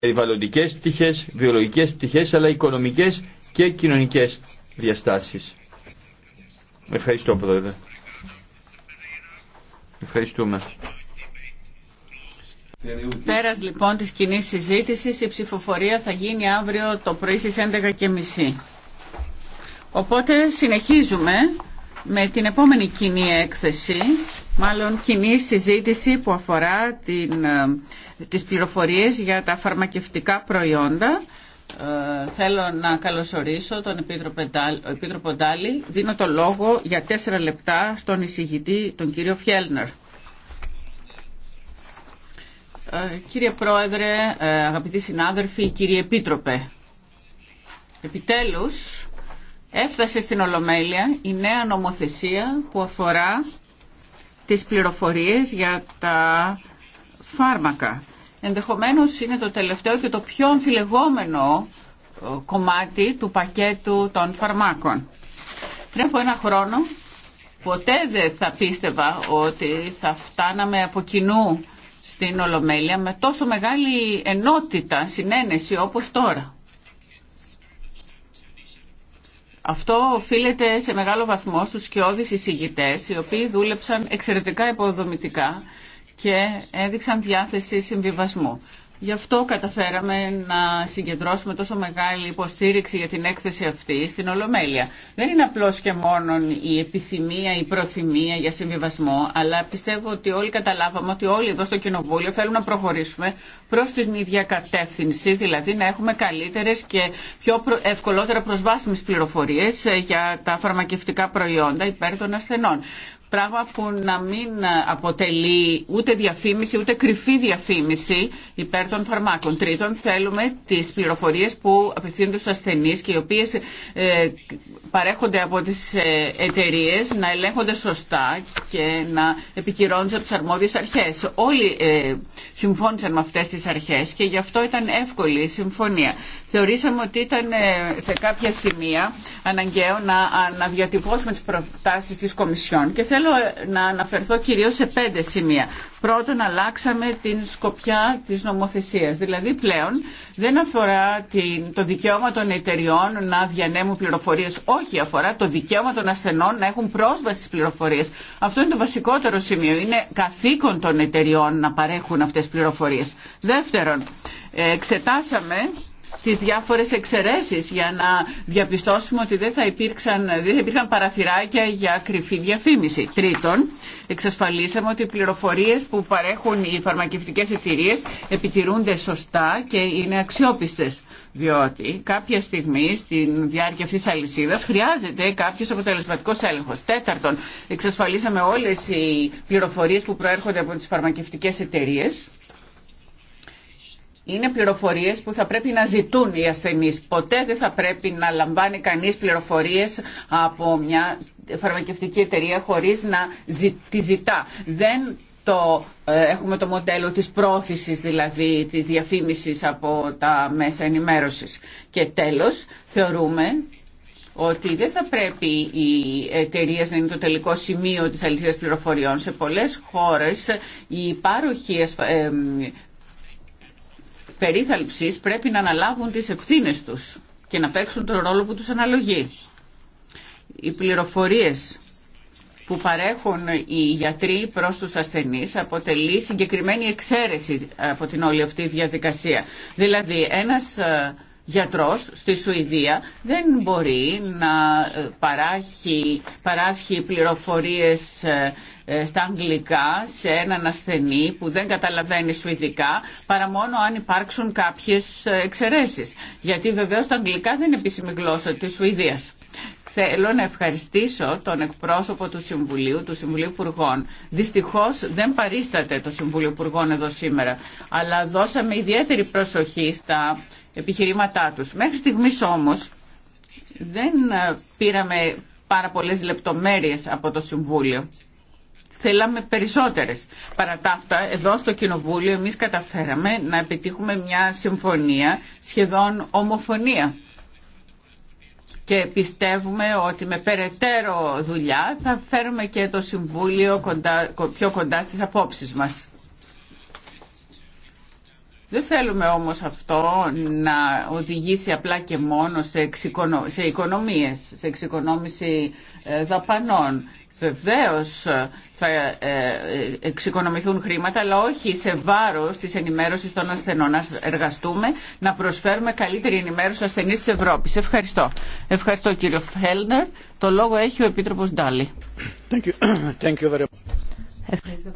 περιβαλλοντικές πτυχές, βιολογικές πτυχές, αλλά οικονομικές και κοινωνικές διαστάσεις. Ευχαριστώ, Πρόεδρε. Ευχαριστούμε. Πέρας λοιπόν της κοινή συζήτηση, η ψηφοφορία θα γίνει αύριο το πρωί στις 11.30. Οπότε συνεχίζουμε με την επόμενη κοινή έκθεση, μάλλον κοινή συζήτηση που αφορά την ε, τις πληροφορίες για τα φαρμακευτικά προϊόντα. Ε, θέλω να καλωσορίσω τον Επίτροπο Ντάλη. Δίνω το λόγο για τέσσερα λεπτά στον εισηγητή, τον κύριο Φιέλνερ. Ε, κύριε Πρόεδρε, ε, αγαπητοί συνάδελφοι, κύριε Επίτροπε, επιτέλους έφτασε στην Ολομέλεια η νέα νομοθεσία που αφορά τις πληροφορίες για τα φάρμακα ενδεχομένως είναι το τελευταίο και το πιο αμφιλεγόμενο ε, κομμάτι του πακέτου των φαρμάκων. Πριν από ένα χρόνο ποτέ δεν θα πίστευα ότι θα φτάναμε από κοινού στην Ολομέλεια με τόσο μεγάλη ενότητα, συνένεση όπως τώρα. Αυτό οφείλεται σε μεγάλο βαθμό στους σκιώδεις εισηγητές, οι οποίοι δούλεψαν εξαιρετικά υποδομητικά και έδειξαν διάθεση συμβιβασμού. Γι' αυτό καταφέραμε να συγκεντρώσουμε τόσο μεγάλη υποστήριξη για την έκθεση αυτή στην Ολομέλεια. Δεν είναι απλώς και μόνο η επιθυμία, η προθυμία για συμβιβασμό, αλλά πιστεύω ότι όλοι καταλάβαμε ότι όλοι εδώ στο Κοινοβούλιο θέλουν να προχωρήσουμε προς την ίδια κατεύθυνση, δηλαδή να έχουμε καλύτερες και πιο ευκολότερα προσβάσιμες πληροφορίες ε, για τα φαρμακευτικά προϊόντα υπέρ των ασθενών πράγμα που να μην αποτελεί ούτε διαφήμιση ούτε κρυφή διαφήμιση υπέρ των φαρμάκων. Τρίτον, θέλουμε τις πληροφορίες που απευθύνονται στους ασθενείς και οι οποίες ε, παρέχονται από τις ε, εταιρείε να ελέγχονται σωστά και να επικυρώνονται από τις αρμόδιες αρχές. Όλοι ε, συμφώνησαν με αυτές τις αρχές και γι' αυτό ήταν εύκολη η συμφωνία. Θεωρήσαμε ότι ήταν σε κάποια σημεία αναγκαίο να αναδιατυπώσουμε τις προτάσεις της Κομισιόν Θέλω να αναφερθώ κυρίως σε πέντε σημεία. Πρώτον, αλλάξαμε την σκοπιά της νομοθεσίας. Δηλαδή, πλέον δεν αφορά το δικαίωμα των εταιριών να διανέμουν πληροφορίες. Όχι, αφορά το δικαίωμα των ασθενών να έχουν πρόσβαση στις πληροφορίες. Αυτό είναι το βασικότερο σημείο. Είναι καθήκον των εταιριών να παρέχουν αυτές τις πληροφορίες. Δεύτερον, ε, εξετάσαμε τις διάφορες εξαιρέσεις για να διαπιστώσουμε ότι δεν θα, υπήρξαν, δεν θα υπήρχαν παραθυράκια για κρυφή διαφήμιση. Τρίτον, εξασφαλίσαμε ότι οι πληροφορίες που παρέχουν οι φαρμακευτικές εταιρείε επιτηρούνται σωστά και είναι αξιόπιστες. Διότι κάποια στιγμή στην διάρκεια αυτή τη αλυσίδα χρειάζεται κάποιο αποτελεσματικό έλεγχο. Τέταρτον, εξασφαλίσαμε όλε οι πληροφορίε που προέρχονται από τι φαρμακευτικέ εταιρείε είναι πληροφορίες που θα πρέπει να ζητούν οι ασθενείς. Ποτέ δεν θα πρέπει να λαμβάνει κανείς πληροφορίες από μια φαρμακευτική εταιρεία χωρίς να τη ζητά. Δεν το, ε, έχουμε το μοντέλο της πρόθεσης δηλαδή της διαφήμισης από τα μέσα ενημέρωσης. Και τέλος θεωρούμε ότι δεν θα πρέπει οι εταιρείε να είναι το τελικό σημείο της αλυσίδας πληροφοριών. Σε πολλές χώρες οι πάροχοι ε, περίθαλψης πρέπει να αναλάβουν τις ευθύνες τους και να παίξουν τον ρόλο που τους αναλογεί. Οι πληροφορίες που παρέχουν οι γιατροί προς τους ασθενείς αποτελεί συγκεκριμένη εξαίρεση από την όλη αυτή διαδικασία. Δηλαδή ένας ε, γιατρός στη Σουηδία δεν μπορεί να ε, παράχει, παράσχει πληροφορίες ε, ε, στα αγγλικά σε έναν ασθενή που δεν καταλαβαίνει σουηδικά παρά μόνο αν υπάρξουν κάποιες ε, εξαιρέσεις. Γιατί βεβαίως τα αγγλικά δεν είναι επίσημη γλώσσα της Σουηδίας. Θέλω να ευχαριστήσω τον εκπρόσωπο του Συμβουλίου, του Συμβουλίου Υπουργών. Δυστυχώ δεν παρίσταται το Συμβουλίο Υπουργών εδώ σήμερα, αλλά δώσαμε ιδιαίτερη προσοχή στα επιχειρήματά του. Μέχρι στιγμή όμω δεν ε, πήραμε πάρα πολλέ λεπτομέρειε από το Συμβούλιο θέλαμε περισσότερες. Παρά τα αυτά, εδώ στο Κοινοβούλιο εμείς καταφέραμε να επιτύχουμε μια συμφωνία, σχεδόν ομοφωνία. Και πιστεύουμε ότι με περαιτέρω δουλειά θα φέρουμε και το Συμβούλιο πιο κοντά στις απόψεις μας. Δεν θέλουμε όμως αυτό να οδηγήσει απλά και μόνο σε, εξοικονο... σε οικονομίες, σε εξοικονόμηση ε, δαπανών. Βεβαίω ε, θα ε, εξοικονομηθούν χρήματα, αλλά όχι σε βάρος της ενημέρωσης των ασθενών. Να εργαστούμε, να προσφέρουμε καλύτερη ενημέρωση στους ασθενείς της Ευρώπης. Ευχαριστώ. Ευχαριστώ κύριο Φέλνερ. Το λόγο έχει ο Επίτροπος Ντάλι. Ευχαριστώ.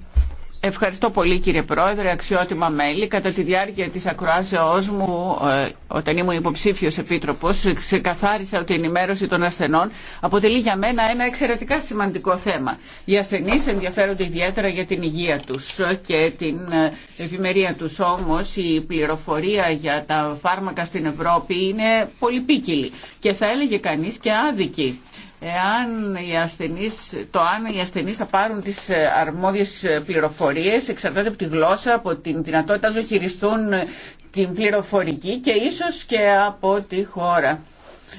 Ευχαριστώ πολύ κύριε Πρόεδρε, αξιότιμα μέλη. Κατά τη διάρκεια της ακροάσεώς μου, ε, όταν ήμουν υποψήφιος επίτροπος, ξεκαθάρισα ότι η ενημέρωση των ασθενών αποτελεί για μένα ένα εξαιρετικά σημαντικό θέμα. Οι ασθενείς ενδιαφέρονται ιδιαίτερα για την υγεία τους και την ε, ευημερία τους. Όμως η πληροφορία για τα φάρμακα στην Ευρώπη είναι πολυπίκυλη και θα έλεγε κανείς και άδικη εάν οι ασθενείς, το αν οι ασθενείς θα πάρουν τις ε, αρμόδιες ε, πληροφορίες εξαρτάται από τη γλώσσα, από την δυνατότητα να χειριστούν ε, την πληροφορική και ίσως και από τη χώρα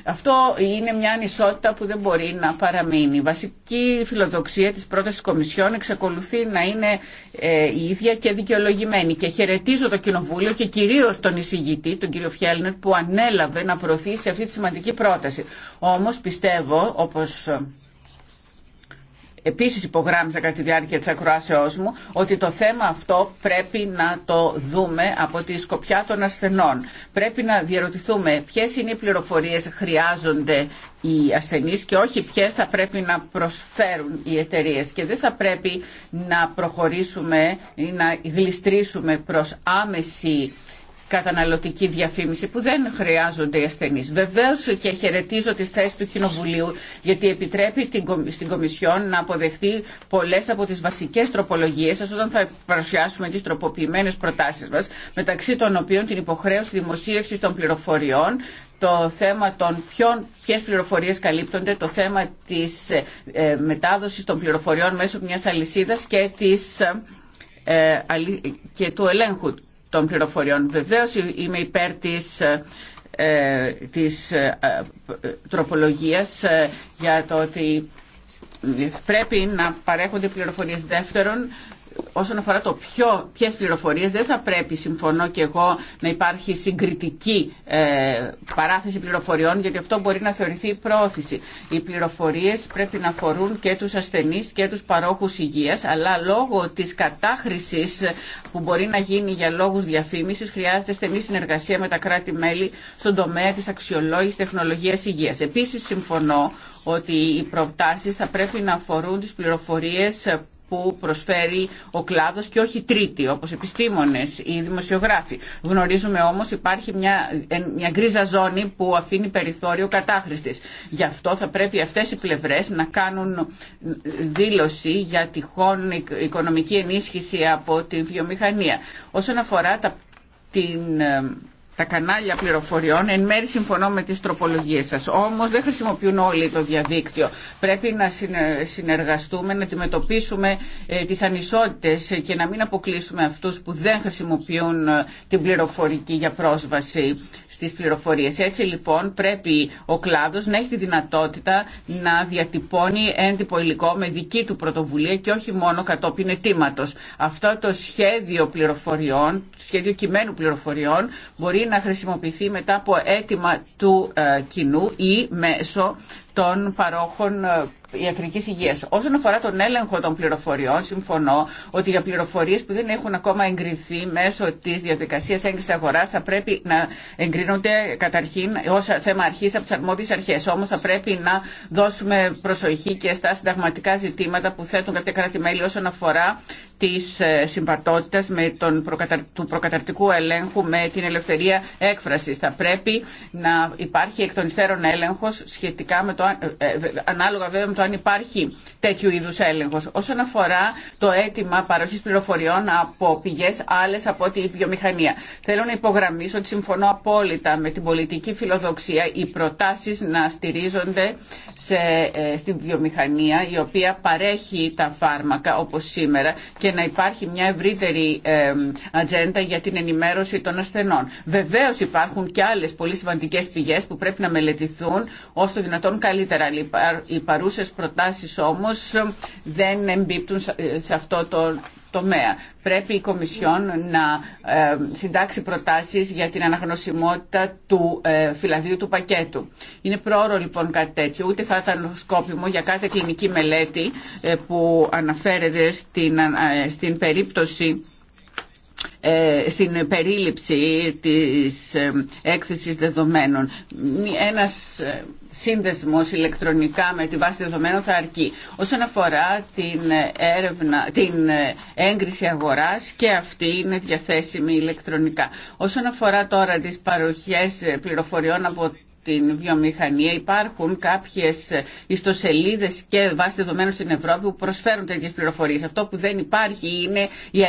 αυτό είναι μια ανισότητα που δεν μπορεί να παραμείνει. Η βασική φιλοδοξία της πρότασης της Κομισιόν εξακολουθεί να είναι ε, η ίδια και δικαιολογημένη. Και χαιρετίζω το Κοινοβούλιο και κυρίως τον εισηγητή, τον κύριο Φιέλνερ, που ανέλαβε να προωθήσει αυτή τη σημαντική πρόταση. Όμως πιστεύω, όπως επίσης υπογράμμισα κατά τη διάρκεια τη ακροάσεώ μου ότι το θέμα αυτό πρέπει να το δούμε από τη σκοπιά των ασθενών. Πρέπει να διαρωτηθούμε ποιες είναι οι πληροφορίες χρειάζονται οι ασθενείς και όχι ποιες θα πρέπει να προσφέρουν οι εταιρείε. και δεν θα πρέπει να προχωρήσουμε ή να γλιστρήσουμε προς άμεση καταναλωτική διαφήμιση που δεν χρειάζονται οι ασθενείς. Βεβαίως και χαιρετίζω τις θέσεις του Κοινοβουλίου γιατί επιτρέπει στην Κομισιόν να αποδεχτεί πολλές από τις βασικές τροπολογίες σας όταν θα παρουσιάσουμε τις τροποποιημένες προτάσεις μας μεταξύ των οποίων την υποχρέωση δημοσίευσης των πληροφοριών το θέμα των ποιον, ποιες πληροφορίες καλύπτονται, το θέμα της ε, ε μετάδοσης των πληροφοριών μέσω μιας αλυσίδας και, της, ε, ε, και του ελέγχου των πληροφοριών. Βεβαίως είμαι υπέρ της ε, της ε, τροπολογίας ε, για το ότι πρέπει να παρέχονται πληροφορίες δεύτερον όσον αφορά το ποιο, ποιες πληροφορίες δεν θα πρέπει, συμφωνώ και εγώ, να υπάρχει συγκριτική ε, παράθεση πληροφοριών γιατί αυτό μπορεί να θεωρηθεί πρόθεση. Οι πληροφορίες πρέπει να αφορούν και τους ασθενείς και τους παρόχους υγείας αλλά λόγω της κατάχρησης που μπορεί να γίνει για λόγους διαφήμισης χρειάζεται στενή συνεργασία με τα κράτη-μέλη στον τομέα της αξιολόγησης τεχνολογίας υγείας. Επίσης συμφωνώ ότι οι προτάσεις θα πρέπει να αφορούν τις πληροφορίες που προσφέρει ο κλάδος και όχι τρίτη όπως επιστήμονες ή δημοσιογράφοι. Γνωρίζουμε όμως υπάρχει μια, μια γκρίζα ζώνη που αφήνει περιθώριο κατάχρηστης. Γι' αυτό θα πρέπει αυτές οι πλευρές να κάνουν δήλωση για τυχόν οικονομική ενίσχυση από τη βιομηχανία. Όσον αφορά τα, την ε, τα κανάλια πληροφοριών. Εν μέρει συμφωνώ με τις τροπολογίες σας. Όμως δεν χρησιμοποιούν όλοι το διαδίκτυο. Πρέπει να συνεργαστούμε, να αντιμετωπίσουμε ε, τις ανισότητες ε, και να μην αποκλείσουμε αυτούς που δεν χρησιμοποιούν ε, την πληροφορική για πρόσβαση στις πληροφορίες. Έτσι λοιπόν πρέπει ο κλάδος να έχει τη δυνατότητα να διατυπώνει έντυπο υλικό με δική του πρωτοβουλία και όχι μόνο κατόπιν ετήματος. Αυτό το σχέδιο πληροφοριών, το σχέδιο κειμένου πληροφοριών μπορεί να χρησιμοποιηθεί μετά από αίτημα του ε, κοινού ή μέσω των παρόχων ιατρικής ε, υγεία. Όσον αφορά τον έλεγχο των πληροφοριών, συμφωνώ ότι για πληροφορίε που δεν έχουν ακόμα εγκριθεί μέσω τη διαδικασία έγκριση αγορά, θα πρέπει να εγκρίνονται καταρχήν ω θέμα αρχή από τις αρμόδιε αρχέ. Όμω θα πρέπει να δώσουμε προσοχή και στα συνταγματικά ζητήματα που θέτουν κάποια κράτη-μέλη όσον αφορά τη ε, συμπατότητα με προκαταρ... του προκαταρτικού ελέγχου με την ελευθερία έκφραση. Θα πρέπει να υπάρχει εκ των υστέρων έλεγχο σχετικά με το ε, ε, ανάλογα βέβαια με το αν υπάρχει τέτοιου είδους έλεγχος. Όσον αφορά το αίτημα παροχής πληροφοριών από πηγές άλλες από ό,τι η βιομηχανία. Θέλω να υπογραμμίσω ότι συμφωνώ απόλυτα με την πολιτική φιλοδοξία οι προτάσεις να στηρίζονται σε, ε, στην βιομηχανία η οποία παρέχει τα φάρμακα όπως σήμερα και να υπάρχει μια ευρύτερη ε, ατζέντα για την ενημέρωση των ασθενών. Βεβαίως υπάρχουν και άλλες πολύ σημαντικές πηγές που πρέπει να μελετηθούν ώστε δυνατόν καλύτερα καλύτερα. Οι παρούσες προτάσεις όμως δεν εμπίπτουν σε αυτό το τομέα. Πρέπει η Κομισιόν να ε, συντάξει προτάσεις για την αναγνωσιμότητα του ε, φυλαδίου του πακέτου. Είναι πρόωρο λοιπόν κάτι τέτοιο, ούτε θα ήταν σκόπιμο για κάθε κλινική μελέτη ε, που αναφέρεται στην, στην περίπτωση ε, στην περίληψη της ε, έκθεσης δεδομένων. Ένας ε, σύνδεσμος ηλεκτρονικά με τη βάση δεδομένων θα αρκεί. Όσον αφορά την, την έγκριση αγοράς και αυτή είναι διαθέσιμη ηλεκτρονικά. Όσον αφορά τώρα τις παροχές πληροφοριών από την βιομηχανία. Υπάρχουν κάποιες ιστοσελίδες και βάσει δεδομένων στην Ευρώπη που προσφέρουν τέτοιε πληροφορίες. Αυτό που δεν υπάρχει είναι η,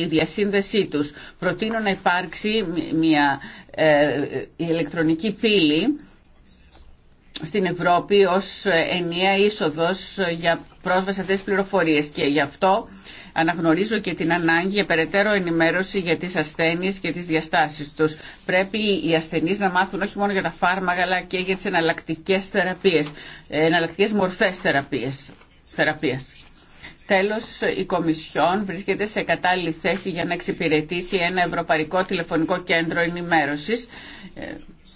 η διασύνδεσή τους. Προτείνω να υπάρξει μια ε, ηλεκτρονική πύλη στην Ευρώπη ως ενιαία είσοδος για πρόσβαση αυτές τις πληροφορίες και γι' αυτό Αναγνωρίζω και την ανάγκη για περαιτέρω ενημέρωση για τι ασθένειε και τι διαστάσει του. Πρέπει οι ασθενεί να μάθουν όχι μόνο για τα φάρμακα αλλά και για τι εναλλακτικέ θεραπείες, εναλλακτικέ μορφές θεραπεία. Τέλο, η Κομισιόν βρίσκεται σε κατάλληλη θέση για να εξυπηρετήσει ένα ευρωπαϊκό τηλεφωνικό κέντρο ενημέρωση. Ε,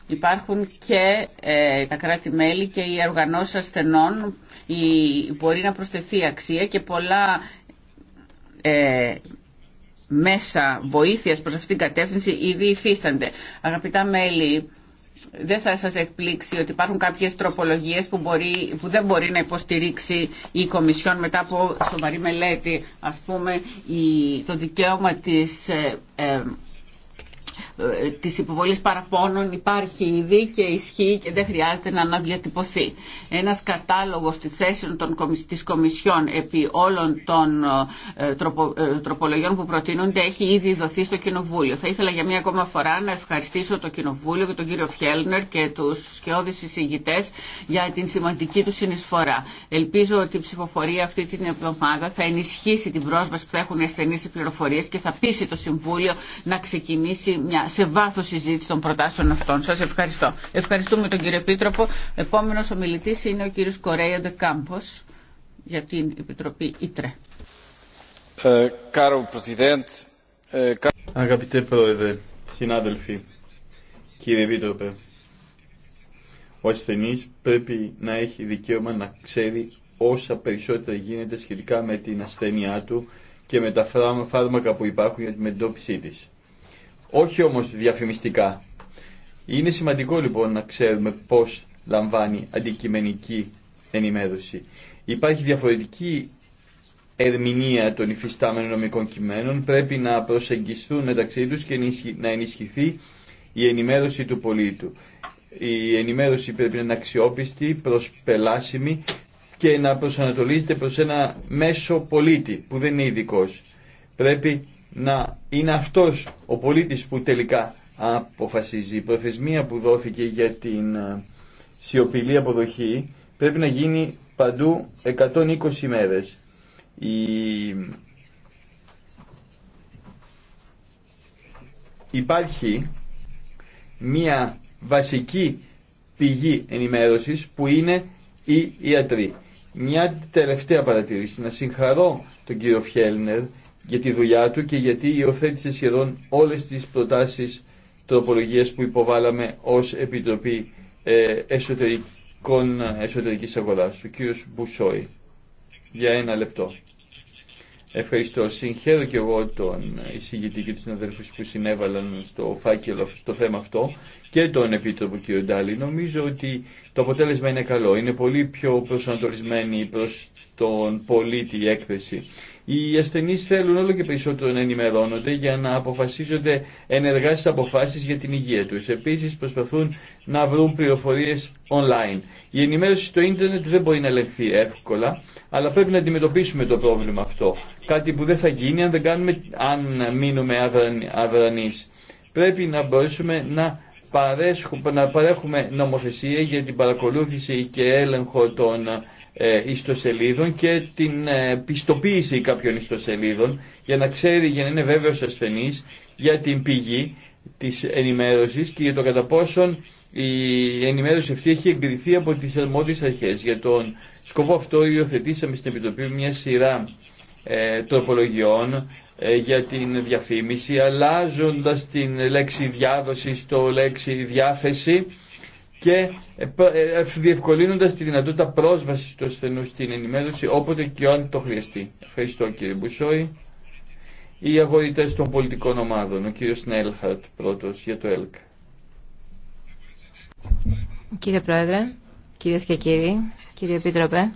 υπάρχουν και ε, τα κράτη-μέλη και οι οργανώσει ασθενών η, μπορεί να προσθεθεί αξία και πολλά ε, μέσα βοήθειας προς αυτήν την κατεύθυνση ήδη υφίστανται. Αγαπητά μέλη, δεν θα σας εκπλήξει ότι υπάρχουν κάποιες τροπολογίες που, δεν μπορεί να υποστηρίξει η Κομισιόν μετά από σοβαρή μελέτη, ας πούμε, η, το δικαίωμα της... Ε, ε, ε, τη υποβολή παραπώνων υπάρχει ήδη και ισχύει και δεν χρειάζεται να αναδιατυπωθεί. Ένα κατάλογο τη θέση τη Κομισιόν επί όλων των ε, ε, τροπολογιών που προτείνονται έχει ήδη δοθεί στο Κοινοβούλιο. Θα ήθελα για μία ακόμα φορά να ευχαριστήσω το Κοινοβούλιο και τον κύριο Φιέλνερ και του σκιώδη συζητητέ για την σημαντική του συνεισφορά. Ελπίζω ότι η ψηφοφορία αυτή την εβδομάδα θα ενισχύσει την πρόσβαση που θα έχουν οι ασθενεί πληροφορίε και θα πείσει το Συμβούλιο να ξεκινήσει μια σε βάθο συζήτηση των προτάσεων αυτών. Σα ευχαριστώ. Ευχαριστούμε τον κύριο Επίτροπο. Επόμενο ομιλητή είναι ο κύριο Κορέιαντε Ντεκάμπο για την Επιτροπή ΙΤΡΕ. Ε, ε, Αγαπητέ Πρόεδρε, συνάδελφοι, κύριε Επίτροπε, ο ασθενή πρέπει να έχει δικαίωμα να ξέρει όσα περισσότερα γίνεται σχετικά με την ασθένειά του και με τα φάρμακα που υπάρχουν για την εντόπιση της όχι όμως διαφημιστικά. Είναι σημαντικό λοιπόν να ξέρουμε πώς λαμβάνει αντικειμενική ενημέρωση. Υπάρχει διαφορετική ερμηνεία των υφιστάμενων νομικών κειμένων, πρέπει να προσεγγιστούν μεταξύ τους και να ενισχυθεί η ενημέρωση του πολίτου. Η ενημέρωση πρέπει να είναι αξιόπιστη, προσπελάσιμη και να προσανατολίζεται προς ένα μέσο πολίτη που δεν είναι ειδικό να είναι αυτός ο πολίτης που τελικά αποφασίζει. Η προθεσμία που δόθηκε για την ε, σιωπηλή αποδοχή πρέπει να γίνει παντού 120 ημέρες. Η... Υπάρχει μία βασική πηγή ενημέρωσης που είναι οι ιατροί. Μια τελευταία η ιατροι μια τελευταια παρατηρηση Να συγχαρώ τον κύριο Φιέλνερ για τη δουλειά του και γιατί υιοθέτησε σχεδόν όλες τις προτάσεις τροπολογίες που υποβάλαμε ως Επιτροπή ε, Εσωτερικών, Εσωτερικής Αγοράς. Ο κ. Μπουσόη, για ένα λεπτό. Ευχαριστώ. Συγχαίρω και εγώ τον εισηγητή και τους συναδέλφους που συνέβαλαν στο φάκελο, στο θέμα αυτό και τον Επίτροπο κ. Ντάλη. Νομίζω ότι το αποτέλεσμα είναι καλό. Είναι πολύ πιο προσανατολισμένη προς τον πολίτη η έκθεση οι ασθενείς θέλουν όλο και περισσότερο να ενημερώνονται για να αποφασίζονται ενεργά στις αποφάσεις για την υγεία τους. Επίσης προσπαθούν να βρουν πληροφορίες online. Η ενημέρωση στο ίντερνετ δεν μπορεί να ελεγχθεί εύκολα, αλλά πρέπει να αντιμετωπίσουμε το πρόβλημα αυτό. Κάτι που δεν θα γίνει αν, δεν κάνουμε, αν μείνουμε αδρανείς. Πρέπει να μπορέσουμε να παρέχουμε νομοθεσία για την παρακολούθηση και έλεγχο των ε, ιστοσελίδων και την ε, πιστοποίηση κάποιων ιστοσελίδων για να ξέρει, για να είναι βέβαιος ασθενής για την πηγή της ενημέρωσης και για το κατά πόσον η ενημέρωση αυτή έχει εγκριθεί από τις αρμόδιες αρχές. Για τον σκοπό αυτό υιοθετήσαμε στην Επιτροπή μια σειρά ε, τροπολογιών ε, για την διαφήμιση, αλλάζοντας την λέξη διάδοση στο λέξη διάθεση, και ε, ε, ε, διευκολύνοντας τη δυνατότητα πρόσβασης του ασθενού στην ενημέρωση όποτε και αν το χρειαστεί. Ευχαριστώ κύριε Μπουσόη. Οι αγορητές των πολιτικών ομάδων, ο κύριος Νέλχαρτ πρώτος για το ΕΛΚ. Κύριε Πρόεδρε, κυρίες και κύριοι, κύριε Επίτροπε,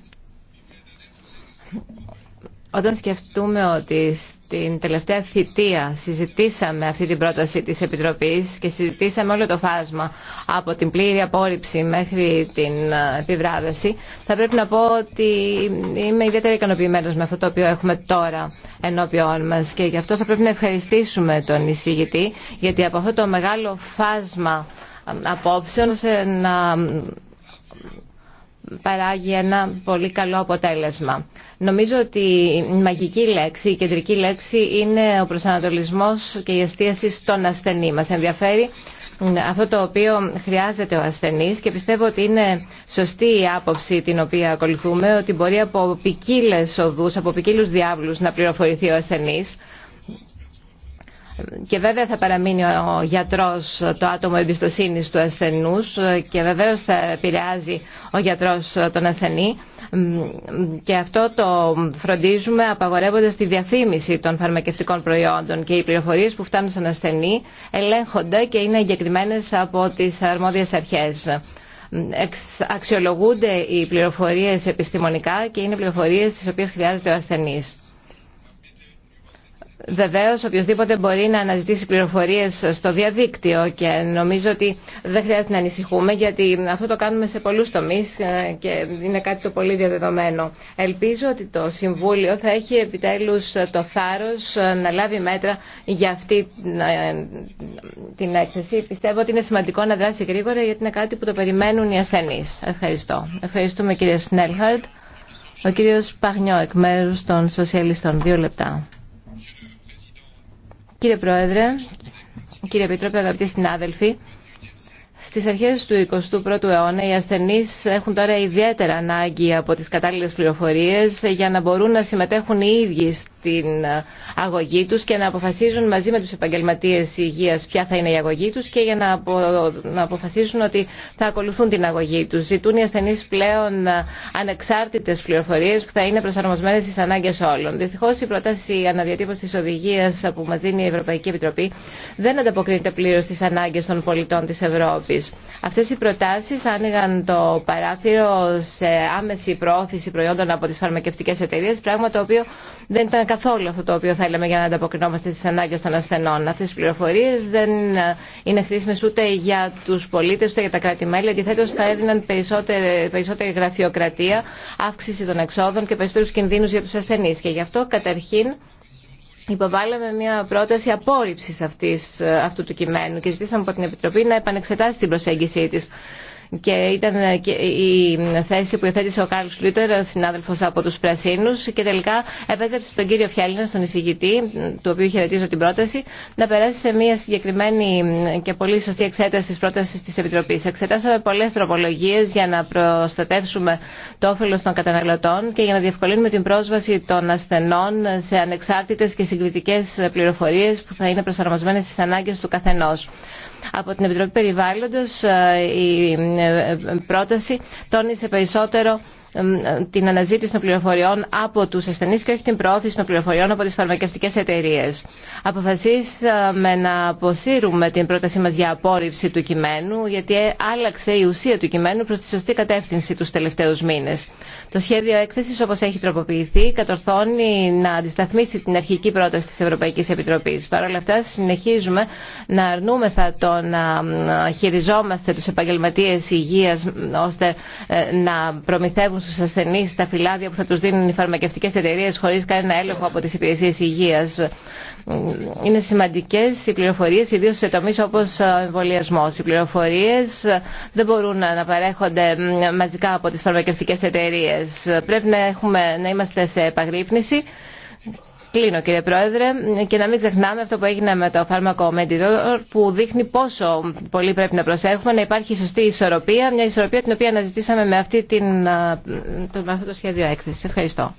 όταν σκεφτούμε ότι στην τελευταία θητεία συζητήσαμε αυτή την πρόταση της Επιτροπής και συζητήσαμε όλο το φάσμα από την πλήρη απόρριψη μέχρι την ε, επιβράβευση, θα πρέπει να πω ότι είμαι ιδιαίτερα ικανοποιημένος με αυτό το οποίο έχουμε τώρα ενώπιόν μας και γι' αυτό θα πρέπει να ευχαριστήσουμε τον εισηγητή γιατί από αυτό το μεγάλο φάσμα ε, απόψεων σε να παράγει ένα πολύ καλό αποτέλεσμα. Νομίζω ότι η μαγική λέξη, η κεντρική λέξη είναι ο προσανατολισμός και η εστίαση στον ασθενή. Μας ενδιαφέρει αυτό το οποίο χρειάζεται ο ασθενής και πιστεύω ότι είναι σωστή η άποψη την οποία ακολουθούμε ότι μπορεί από ποικίλε οδούς, από ποικίλου διάβλους να πληροφορηθεί ο ασθενής και βέβαια θα παραμείνει ο γιατρός το άτομο εμπιστοσύνη του ασθενούς και βεβαίως θα επηρεάζει ο γιατρός τον ασθενή και αυτό το φροντίζουμε απαγορεύοντας τη διαφήμιση των φαρμακευτικών προϊόντων και οι πληροφορίες που φτάνουν στον ασθενή ελέγχονται και είναι εγκεκριμένες από τις αρμόδιες αρχές αξιολογούνται οι πληροφορίες επιστημονικά και είναι πληροφορίες τις οποίες χρειάζεται ο ασθενής. Βεβαίω, οποιοδήποτε μπορεί να αναζητήσει πληροφορίε στο διαδίκτυο και νομίζω ότι δεν χρειάζεται να ανησυχούμε γιατί αυτό το κάνουμε σε πολλού τομεί ε, και είναι κάτι το πολύ διαδεδομένο. Ελπίζω ότι το Συμβούλιο θα έχει επιτέλου το θάρρο ε, να λάβει μέτρα για αυτή ε, την έκθεση. Πιστεύω ότι είναι σημαντικό να δράσει γρήγορα γιατί είναι κάτι που το περιμένουν οι ασθενεί. Ευχαριστώ. Ευχαριστούμε κύριε Σνέλχαρτ. Ο κύριος Παγνιό εκ μέρους των Σοσιαλιστών. Δύο λεπτά. Κύριε Πρόεδρε, κύριε Επιτρόπε, αγαπητοί συνάδελφοι, στις αρχές του 21ου αιώνα οι ασθενείς έχουν τώρα ιδιαίτερα ανάγκη από τις κατάλληλες πληροφορίες για να μπορούν να συμμετέχουν οι ίδιοι την αγωγή τους και να αποφασίζουν μαζί με τους επαγγελματίες υγείας ποια θα είναι η αγωγή τους και για να, απο, να αποφασίσουν ότι θα ακολουθούν την αγωγή τους. Ζητούν οι ασθενείς πλέον ανεξάρτητες πληροφορίες που θα είναι προσαρμοσμένες στις ανάγκες όλων. Δυστυχώς η προτάση αναδιατύπωση της οδηγίας που μας δίνει η Ευρωπαϊκή Επιτροπή δεν ανταποκρίνεται πλήρως στις ανάγκες των πολιτών της Ευρώπης. Αυτές οι προτάσεις άνοιγαν το παράθυρο σε άμεση προώθηση προϊόντων από τις φαρμακευτικές εταιρείες, πράγμα το οποίο δεν ήταν καθόλου αυτό το οποίο θέλαμε για να ανταποκρινόμαστε στι ανάγκε των ασθενών. Αυτέ οι πληροφορίε δεν ε, είναι χρήσιμε ούτε για του πολίτε ούτε για τα κράτη-μέλη. Αντιθέτω, θα έδιναν περισσότερη, περισσότερη γραφειοκρατία, αύξηση των εξόδων και περισσότερου κινδύνου για του ασθενεί. Και γι' αυτό, καταρχήν, υποβάλαμε μια πρόταση απόρριψη ε, αυτού του κειμένου και ζητήσαμε από την Επιτροπή να επανεξετάσει την προσέγγιση τη και ήταν η θέση που υιοθέτησε ο Κάρλο Λούτερ, συνάδελφο από του Πρασίνου, και τελικά επέτρεψε στον κύριο Φιάλινα, στον εισηγητή, του οποίου χαιρετίζω την πρόταση, να περάσει σε μια συγκεκριμένη και πολύ σωστή εξέταση τη πρόταση τη Επιτροπή. Εξετάσαμε πολλέ τροπολογίε για να προστατεύσουμε το όφελο των καταναλωτών και για να διευκολύνουμε την πρόσβαση των ασθενών σε ανεξάρτητε και συγκριτικέ πληροφορίε που θα είναι προσαρμοσμένε στι ανάγκε του καθενό. Από την Επιτροπή Περιβάλλοντος ε, η ε, ε, πρόταση τόνισε περισσότερο ε, την αναζήτηση των πληροφοριών από τους ασθενείς και όχι την προώθηση των πληροφοριών από τις φαρμακευτικές εταιρείες. Αποφασίσαμε να αποσύρουμε την πρότασή μας για απόρριψη του κειμένου γιατί άλλαξε η ουσία του κειμένου προς τη σωστή κατεύθυνση τους τελευταίους μήνες. Το σχέδιο έκθεσης όπως έχει τροποποιηθεί κατορθώνει να αντισταθμίσει την αρχική πρόταση της Ευρωπαϊκής Επιτροπής. Παρ' όλα αυτά συνεχίζουμε να αρνούμεθα το να ε, χειριζόμαστε τους επαγγελματίες υγείας ώστε ε, να προμηθεύουν στους στου ασθενείς τα φυλάδια που θα τους δίνουν οι φαρμακευτικές εταιρείε χωρίς κανένα έλεγχο από τις υπηρεσίες υγείας. Είναι σημαντικέ οι πληροφορίε, ιδίω σε τομεί όπω ο εμβολιασμός. Οι πληροφορίε δεν μπορούν να παρέχονται μαζικά από τις φαρμακευτικές εταιρείε. Πρέπει να, έχουμε, να είμαστε σε επαγρύπνηση Κλείνω κύριε Πρόεδρε και να μην ξεχνάμε αυτό που έγινε με το φάρμακο Μεντιδόρ που δείχνει πόσο πολύ πρέπει να προσέχουμε να υπάρχει σωστή ισορροπία, μια ισορροπία την οποία αναζητήσαμε με, αυτή την, το, με αυτό το σχέδιο έκθεση. Ευχαριστώ.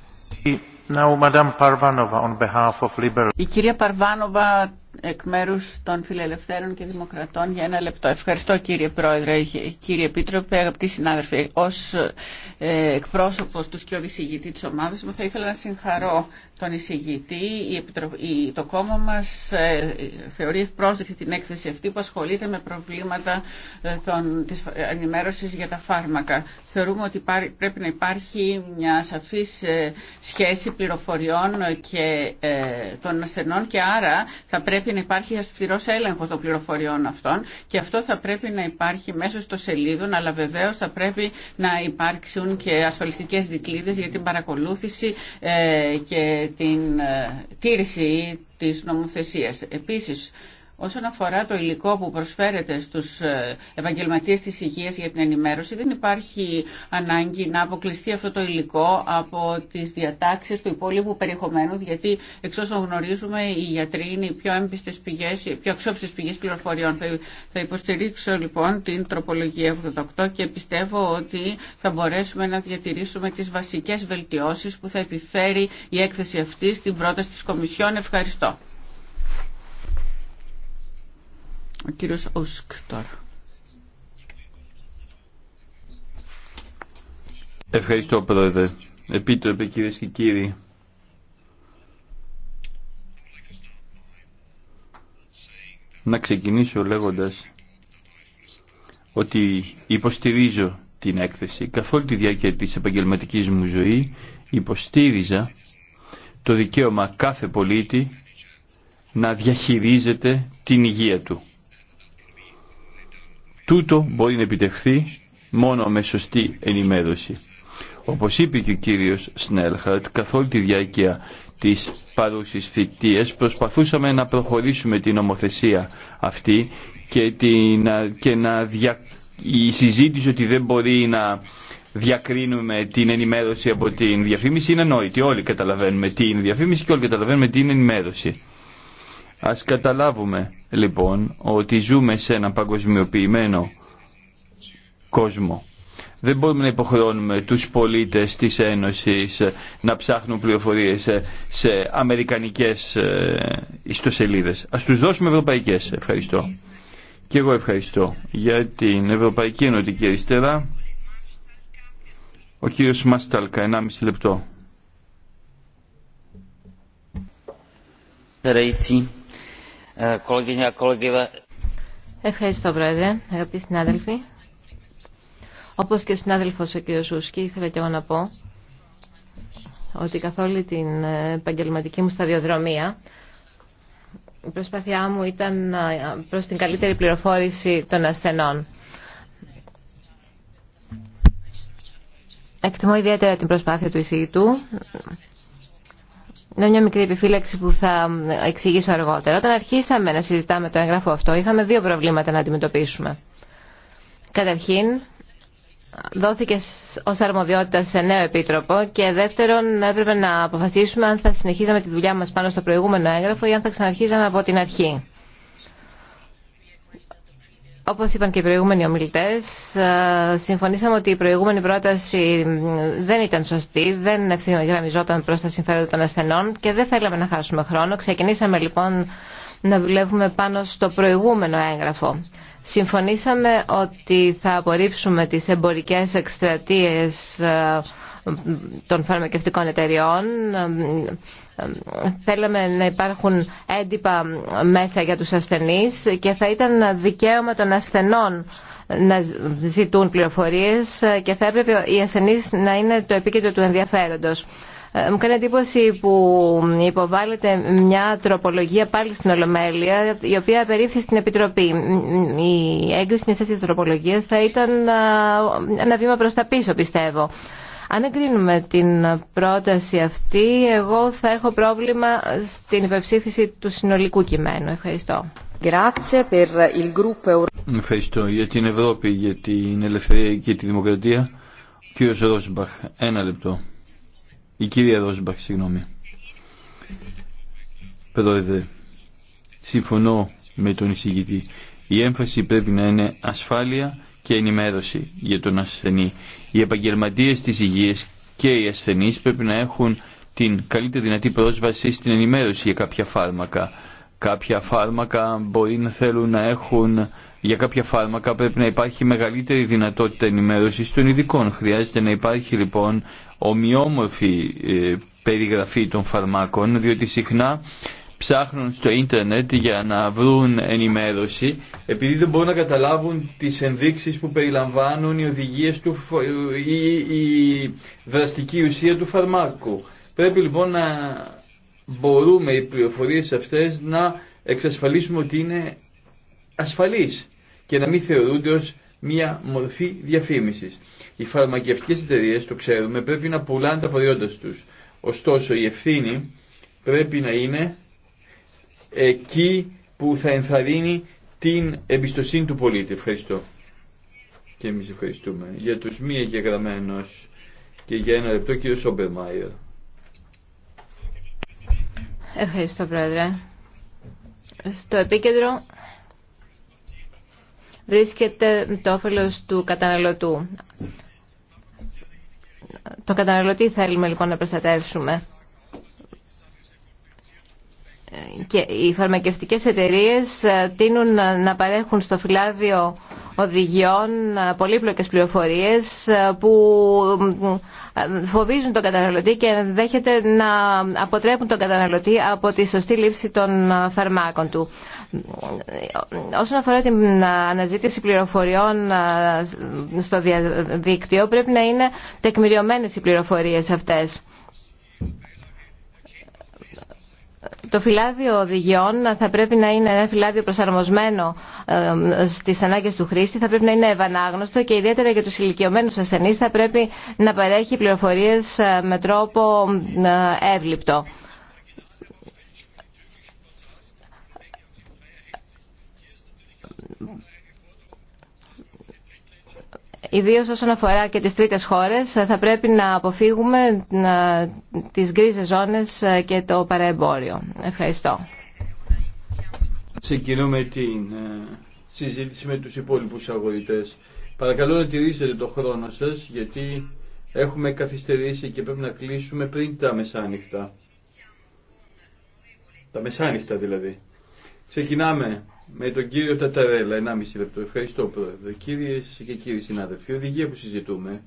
Now, on of Liberal. Η κυρία Παρβάνοβα εκ μέρου των Φιλελευθέρων και Δημοκρατών για ένα λεπτό. Ευχαριστώ κύριε Πρόεδρε, κύριε Επίτροπε, αγαπητοί συνάδελφοι. Ω ε, εκπρόσωπος του και ηγητή τη ομάδα μου θα ήθελα να συγχαρώ τον εισηγητή. Η, το κόμμα μας ε, θεωρεί ευπρόσδεκτη την έκθεση αυτή που ασχολείται με προβλήματα ε, των, της ενημέρωσης για τα φάρμακα. Θεωρούμε ότι πρέπει να υπάρχει μια σαφής ε, σχέση πληροφοριών και των ασθενών και άρα θα πρέπει να υπάρχει αυστηρός έλεγχος των πληροφοριών αυτών και αυτό θα πρέπει να υπάρχει μέσω στο σελίδων αλλά βεβαίως θα πρέπει να υπάρξουν και ασφαλιστικές δικλείδες για την παρακολούθηση και την ε, τήρηση της νομοθεσίας. Επίσης, Όσον αφορά το υλικό που προσφέρεται στους ε, επαγγελματίες της υγείας για την ενημέρωση, δεν υπάρχει ανάγκη να αποκλειστεί αυτό το υλικό από τις διατάξεις του υπόλοιπου περιεχομένου, γιατί εξ όσων γνωρίζουμε οι γιατροί είναι οι πιο έμπιστες πηγές, οι πιο αξιόπιστες πηγές πληροφοριών. Θα υποστηρίξω λοιπόν την τροπολογία 88 και πιστεύω ότι θα μπορέσουμε να διατηρήσουμε τις βασικές βελτιώσεις που θα επιφέρει η έκθεση αυτή στην πρόταση της Κομισιόν. Ευχαριστώ. Ο κύριος τώρα. Ευχαριστώ πρόεδρε. Επίτροπε κυρίες και κύριοι. Να ξεκινήσω λέγοντας ότι υποστηρίζω την έκθεση. Καθ' όλη τη διάρκεια της επαγγελματικής μου ζωή υποστήριζα το δικαίωμα κάθε πολίτη να διαχειρίζεται την υγεία του. Τούτο μπορεί να επιτευχθεί μόνο με σωστή ενημέρωση. Όπως είπε και ο κύριος Σνέλχαρτ, καθ' όλη τη διάρκεια της παρούσης θητείας προσπαθούσαμε να προχωρήσουμε την ομοθεσία αυτή και, την, και να δια, η συζήτηση ότι δεν μπορεί να διακρίνουμε την ενημέρωση από την διαφήμιση είναι νόητη. Όλοι καταλαβαίνουμε τι είναι διαφήμιση και όλοι καταλαβαίνουμε τι είναι ενημέρωση. Ας καταλάβουμε λοιπόν ότι ζούμε σε έναν παγκοσμιοποιημένο κόσμο. Δεν μπορούμε να υποχρεώνουμε τους πολίτες της Ένωσης ε, να ψάχνουν πληροφορίες ε, σε αμερικανικές ε, ιστοσελίδες. Ας τους δώσουμε ευρωπαϊκές. Ευχαριστώ. Και εγώ ευχαριστώ για την Ευρωπαϊκή Ενωτική Αριστερά. Ο κύριος Μασταλκα, 1,5 λεπτό. Ε, Ευχαριστώ, Πρόεδρε. Αγαπητοί συνάδελφοι, όπως και ο συνάδελφος ο κ. Σούσκι, ήθελα και εγώ να πω ότι καθ' όλη την επαγγελματική μου σταδιοδρομία η προσπάθειά μου ήταν ε, προς την καλύτερη πληροφόρηση των ασθενών. Εκτιμώ ιδιαίτερα την προσπάθεια του εισηγητού να μια μικρή επιφύλαξη που θα εξηγήσω αργότερα. Όταν αρχίσαμε να συζητάμε το έγγραφο αυτό, είχαμε δύο προβλήματα να αντιμετωπίσουμε. Καταρχήν, δόθηκε ω αρμοδιότητα σε νέο επίτροπο και δεύτερον, έπρεπε να αποφασίσουμε αν θα συνεχίζαμε τη δουλειά μα πάνω στο προηγούμενο έγγραφο ή αν θα ξαναρχίζαμε από την αρχή. Όπως είπαν και οι προηγούμενοι ομιλητέ, ε, συμφωνήσαμε ότι η προηγούμενη πρόταση δεν ήταν σωστή, δεν ευθυγραμμιζόταν προ τα συμφέροντα των ασθενών και δεν θέλαμε να χάσουμε χρόνο. Ξεκινήσαμε λοιπόν να δουλεύουμε πάνω στο προηγούμενο έγγραφο. Συμφωνήσαμε ότι θα απορρίψουμε τις εμπορικές εκστρατείε. Ε, των φαρμακευτικών εταιριών. Θέλαμε να υπάρχουν έντυπα μέσα για τους ασθενείς και θα ήταν δικαίωμα των ασθενών να ζητούν πληροφορίες και θα έπρεπε οι ασθενείς να είναι το επίκεντρο του ενδιαφέροντος. Μου κάνει εντύπωση που υποβάλλεται μια τροπολογία πάλι στην Ολομέλεια, η οποία απερίφθη στην Επιτροπή. Η έγκριση μια τέτοια τροπολογία θα ήταν ένα βήμα προ τα πίσω, πιστεύω. Αν εγκρίνουμε την πρόταση αυτή, εγώ θα έχω πρόβλημα στην υπερψήφιση του συνολικού κειμένου. Ευχαριστώ. Ευχαριστώ για την Ευρώπη, για την ελευθερία και τη δημοκρατία. Ο κύριος Ρόσμπαχ, ένα λεπτό. Η κυρία Ρόσμπαχ, συγγνώμη. Πρόεδρε, συμφωνώ με τον εισηγητή. Η έμφαση πρέπει να είναι ασφάλεια και ενημέρωση για τον ασθενή. Οι επαγγελματίε της υγεία και οι ασθενεί πρέπει να έχουν την καλύτερη δυνατή πρόσβαση στην ενημέρωση για κάποια φάρμακα. Κάποια φάρμακα μπορεί να θέλουν να έχουν, για κάποια φάρμακα πρέπει να υπάρχει μεγαλύτερη δυνατότητα ενημέρωσης των ειδικών. Χρειάζεται να υπάρχει λοιπόν ομοιόμορφη ε, περιγραφή των φαρμάκων, διότι συχνά ψάχνουν στο ίντερνετ για να βρουν ενημέρωση επειδή δεν μπορούν να καταλάβουν τις ενδείξεις που περιλαμβάνουν οι οδηγίες του ή η δραστική ουσία του φαρμάκου. Πρέπει λοιπόν να μπορούμε οι πληροφορίες αυτές να εξασφαλίσουμε ότι είναι ασφαλείς και να μην θεωρούνται ως μια μορφή διαφήμισης. Οι φαρμακευτικές εταιρείε, το ξέρουμε, πρέπει να πουλάνε τα προϊόντα τους. Ωστόσο η ευθύνη πρέπει να είναι εκεί που θα ενθαρρύνει την εμπιστοσύνη του πολίτη. Ευχαριστώ. Και εμείς ευχαριστούμε. Για τους μη εγγεγραμμένους και για ένα λεπτό κύριο Σόμπερ Μάιερ. Ευχαριστώ Πρόεδρε. Στο επίκεντρο βρίσκεται το όφελος του καταναλωτού. Το καταναλωτή θέλουμε λοιπόν να προστατεύσουμε και οι φαρμακευτικές εταιρείες ε, τείνουν να παρέχουν στο φυλάδιο οδηγιών ε, πολύπλοκες πληροφορίες ε, που φοβίζουν τον καταναλωτή και δέχεται να αποτρέπουν τον καταναλωτή από τη σωστή λήψη των φαρμάκων του. Όσον αφορά την αναζήτηση πληροφοριών στο διαδίκτυο, πρέπει να είναι τεκμηριωμένες οι πληροφορίες αυτές. Το φυλάδιο οδηγιών θα πρέπει να είναι ένα φυλάδιο προσαρμοσμένο στι ανάγκε του χρήστη, θα πρέπει να είναι ευανάγνωστο και ιδιαίτερα για του ηλικιωμένου ασθενείς θα πρέπει να παρέχει πληροφορίε ε, με τρόπο ε, εύληπτο. Ιδίως όσον αφορά και τις τρίτες χώρες, θα πρέπει να αποφύγουμε τις γκρίζες ζώνες και το παραεμπόριο. Ευχαριστώ. Ξεκινούμε την ε, συζήτηση με τους υπόλοιπους αγωγητές. Παρακαλώ να τηρήσετε το χρόνο σας, γιατί έχουμε καθυστερήσει και πρέπει να κλείσουμε πριν τα μεσάνυχτα. Τα μεσάνυχτα δηλαδή. Ξεκινάμε με τον κύριο Ταταρέλα, 1,5 λεπτό. Ευχαριστώ, Πρόεδρε. Κυρίε και κύριοι συνάδελφοι, η οδηγία που συζητούμε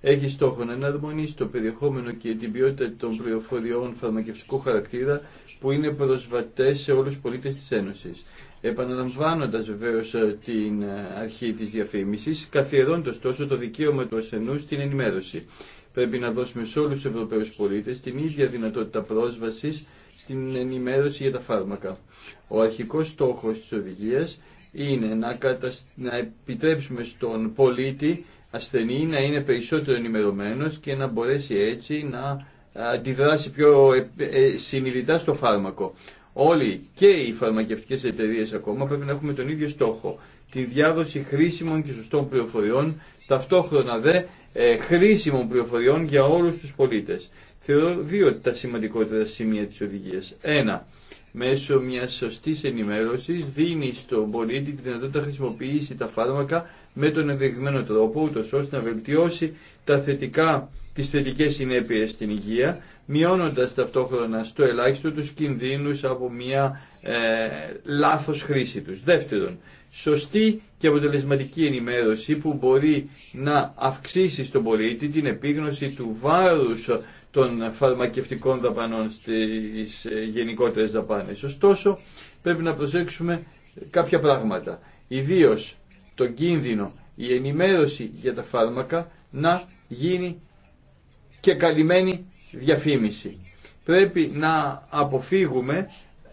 έχει στόχο να εναρμονίσει το περιεχόμενο και την ποιότητα των πληροφοριών φαρμακευτικού χαρακτήρα που είναι προσβατέ σε όλου του πολίτε τη Ένωση. Επαναλαμβάνοντα βεβαίω ε, την ε, αρχή τη διαφήμιση, καθιερώντα τόσο το δικαίωμα του ασθενού στην ενημέρωση. Πρέπει να δώσουμε σε όλου του Ευρωπαίου πολίτε την ίδια δυνατότητα πρόσβαση στην ενημέρωση για τα φάρμακα. Ο αρχικός στόχος της οδηγίας είναι να, να επιτρέψουμε στον πολίτη ασθενή να είναι περισσότερο ενημερωμένος και να μπορέσει έτσι να ε, αντιδράσει πιο ε, ε, συνειδητά στο φάρμακο. Όλοι και οι φαρμακευτικές εταιρείες ακόμα πρέπει να έχουμε τον ίδιο στόχο, τη διάδοση χρήσιμων και σωστών πληροφοριών ταυτόχρονα δε ε, χρήσιμων πληροφοριών για όλους τους πολίτες. Θεωρώ δύο τα σημαντικότερα σημεία της οδηγίας. Ένα, μέσω μιας σωστής ενημέρωσης δίνει στον πολίτη τη δυνατότητα να χρησιμοποιήσει τα φάρμακα με τον ενδεδειγμένο τρόπο, ούτως ώστε να βελτιώσει τα θετικά, τις θετικές συνέπειες στην υγεία, μειώνοντας ταυτόχρονα στο ελάχιστο τους κινδύνους από μια ε, λάθος χρήση τους. Δεύτερον, σωστή και αποτελεσματική ενημέρωση που μπορεί να αυξήσει στον πολίτη την επίγνωση του βάρους των φαρμακευτικών δαπανών στις γενικότερες δαπάνες. Ωστόσο, πρέπει να προσέξουμε κάποια πράγματα. Ιδίως το κίνδυνο, η ενημέρωση για τα φάρμακα να γίνει και καλυμμένη διαφήμιση. Πρέπει να αποφύγουμε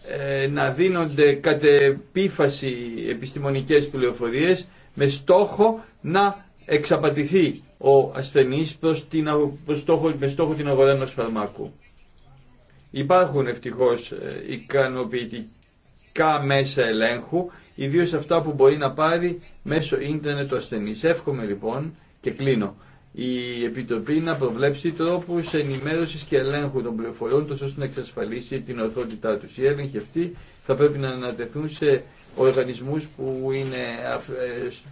ε, να δίνονται κατ' επίφαση επιστημονικές πληροφορίες με στόχο να εξαπατηθεί ο ασθενής προς την, προς στόχο, με στόχο την αγορά ενός φαρμάκου. Υπάρχουν ευτυχώς ε, ικανοποιητικά μέσα ελέγχου, ιδίως αυτά που μπορεί να πάρει μέσω ίντερνετ ο ασθενής. Εύχομαι λοιπόν και κλείνω η Επιτροπή να προβλέψει τρόπους ενημέρωσης και ελέγχου των πληροφοριών τόσο ώστε να εξασφαλίσει την ορθότητά του Οι έλεγχοι αυτοί θα πρέπει να ανατεθούν σε οργανισμούς που, είναι,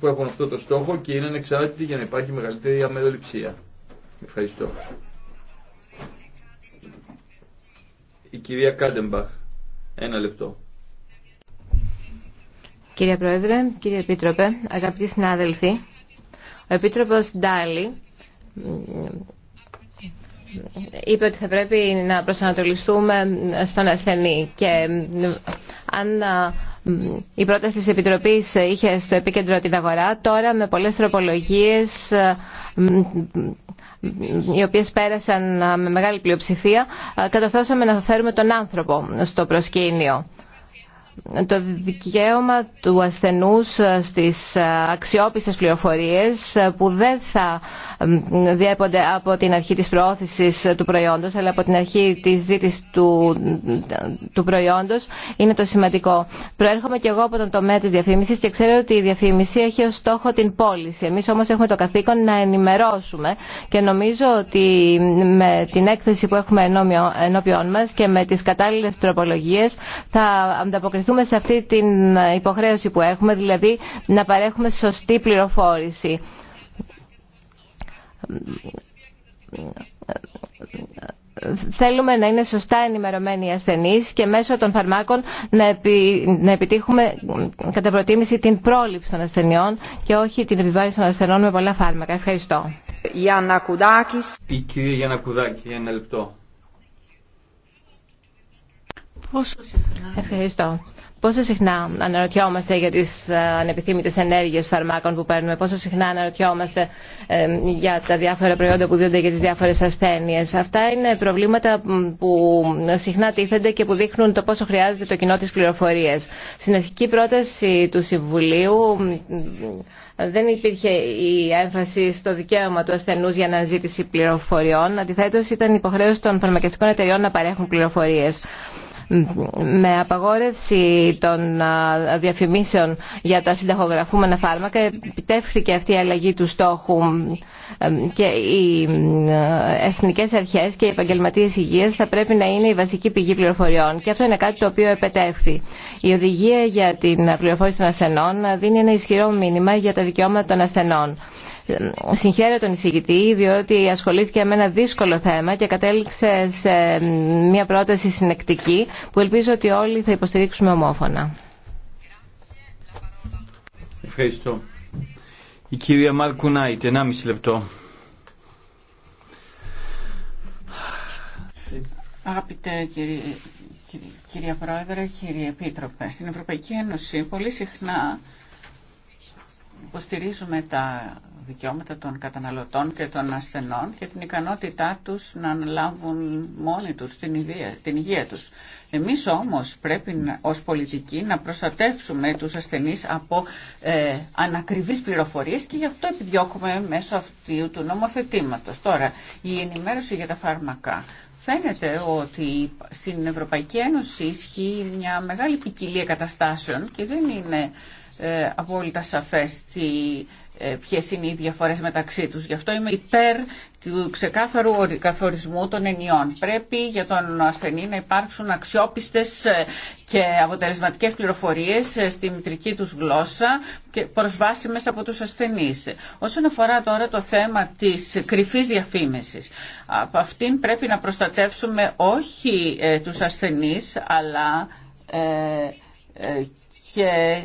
που έχουν αυτό το στόχο και είναι ανεξάρτητοι για να υπάρχει μεγαλύτερη αμεροληψία. Ευχαριστώ. Η κυρία Κάντεμπαχ. Ένα λεπτό. Κύριε Πρόεδρε, κύριε Επίτροπε, αγαπητοί συνάδελφοι, ο Επίτροπος Ντάλι είπε ότι θα πρέπει να προσανατολιστούμε στον ασθενή και αν η πρόταση της Επιτροπής είχε στο επίκεντρο την αγορά, τώρα με πολλές τροπολογίες οι οποίες πέρασαν με μεγάλη πλειοψηφία, κατορθώσαμε να φέρουμε τον άνθρωπο στο προσκήνιο το δικαίωμα του ασθενούς ε, στις ε, αξιόπιστες πληροφορίες ε, που δεν θα διέπονται από την αρχή της προώθησης του προϊόντος αλλά από την αρχή της ζήτησης του, του προϊόντος είναι το σημαντικό. Προέρχομαι και εγώ από τον τομέα της διαφήμισης και ξέρω ότι η διαφήμιση έχει ως στόχο την πώληση. Εμείς όμως έχουμε το καθήκον να ενημερώσουμε και νομίζω ότι με την έκθεση που έχουμε ενώπιόν μας και με τις κατάλληλες τροπολογίες θα ανταποκριθούμε έχουμε σε αυτή την υποχρέωση που έχουμε, δηλαδή να παρέχουμε σωστή πληροφόρηση θέλουμε να είναι σωστά ενημερωμένοι οι ασθενείς και μέσω των φαρμάκων να, επιτύχουμε κατά προτίμηση την πρόληψη των ασθενειών και όχι την επιβάρηση των ασθενών με πολλά φάρμακα. Ευχαριστώ. Η κυρία Γιάννα Κουδάκη, ένα λεπτό. Ευχαριστώ. Πόσο συχνά αναρωτιόμαστε για τις ε, ανεπιθύμητες ενέργειες φαρμάκων που παίρνουμε, πόσο συχνά αναρωτιόμαστε ε, για τα διάφορα προϊόντα που δίνονται για τις διάφορες ασθένειες. Αυτά είναι προβλήματα που συχνά τίθενται και που δείχνουν το πόσο χρειάζεται το κοινό της πληροφορίας. Στην αρχική πρόταση του Συμβουλίου δεν υπήρχε η έμφαση στο δικαίωμα του ασθενούς για αναζήτηση πληροφοριών. αντιθέτω ήταν υποχρέωση των φαρμακευτικών εταιριών να παρέχουν πληροφορίε με απαγόρευση των διαφημίσεων για τα συνταχογραφούμενα φάρμακα επιτεύχθηκε αυτή η αλλαγή του στόχου και οι εθνικές αρχές και οι επαγγελματίες υγείας θα πρέπει να είναι η βασική πηγή πληροφοριών και αυτό είναι κάτι το οποίο επετεύχθη. Η οδηγία για την πληροφόρηση των ασθενών δίνει ένα ισχυρό μήνυμα για τα δικαιώματα των ασθενών. Συγχαίρω τον εισηγητή διότι ασχολήθηκε με ένα δύσκολο θέμα και κατέληξε σε μια πρόταση συνεκτική που ελπίζω ότι όλοι θα υποστηρίξουμε ομόφωνα. Ευχαριστώ. Η κυρία Μάρκου Νάιτ, 1,5 λεπτό. Αγαπητέ κύριε, κυρία Πρόεδρε, κύριε Επίτροπε, στην Ευρωπαϊκή Ένωση πολύ συχνά υποστηρίζουμε τα δικαιώματα των καταναλωτών και των ασθενών και την ικανότητά τους να αναλάβουν μόνοι τους την υγεία, την υγεία τους. Εμείς όμως πρέπει ως πολιτικοί να προστατεύσουμε τους ασθενείς από ε, ανακριβείς πληροφορίες και γι' αυτό επιδιώκουμε μέσω αυτού του νομοθετήματος. Τώρα, η ενημέρωση για τα φάρμακα. Φαίνεται ότι στην Ευρωπαϊκή Ένωση ισχύει μια μεγάλη ποικιλία καταστάσεων και δεν είναι ε, απόλυτα σαφές τι, ε, ποιες είναι οι διαφορές μεταξύ τους. Γι' αυτό είμαι υπέρ του ξεκάθαρου καθορισμού των ενιών. Πρέπει για τον ασθενή να υπάρξουν αξιόπιστες ε, και αποτελεσματικές πληροφορίες ε, στη μητρική τους γλώσσα και προσβάσιμες από τους ασθενείς. Όσον αφορά τώρα το θέμα της κρυφής διαφήμισης, από αυτήν πρέπει να προστατεύσουμε όχι ε, τους ασθενείς, αλλά και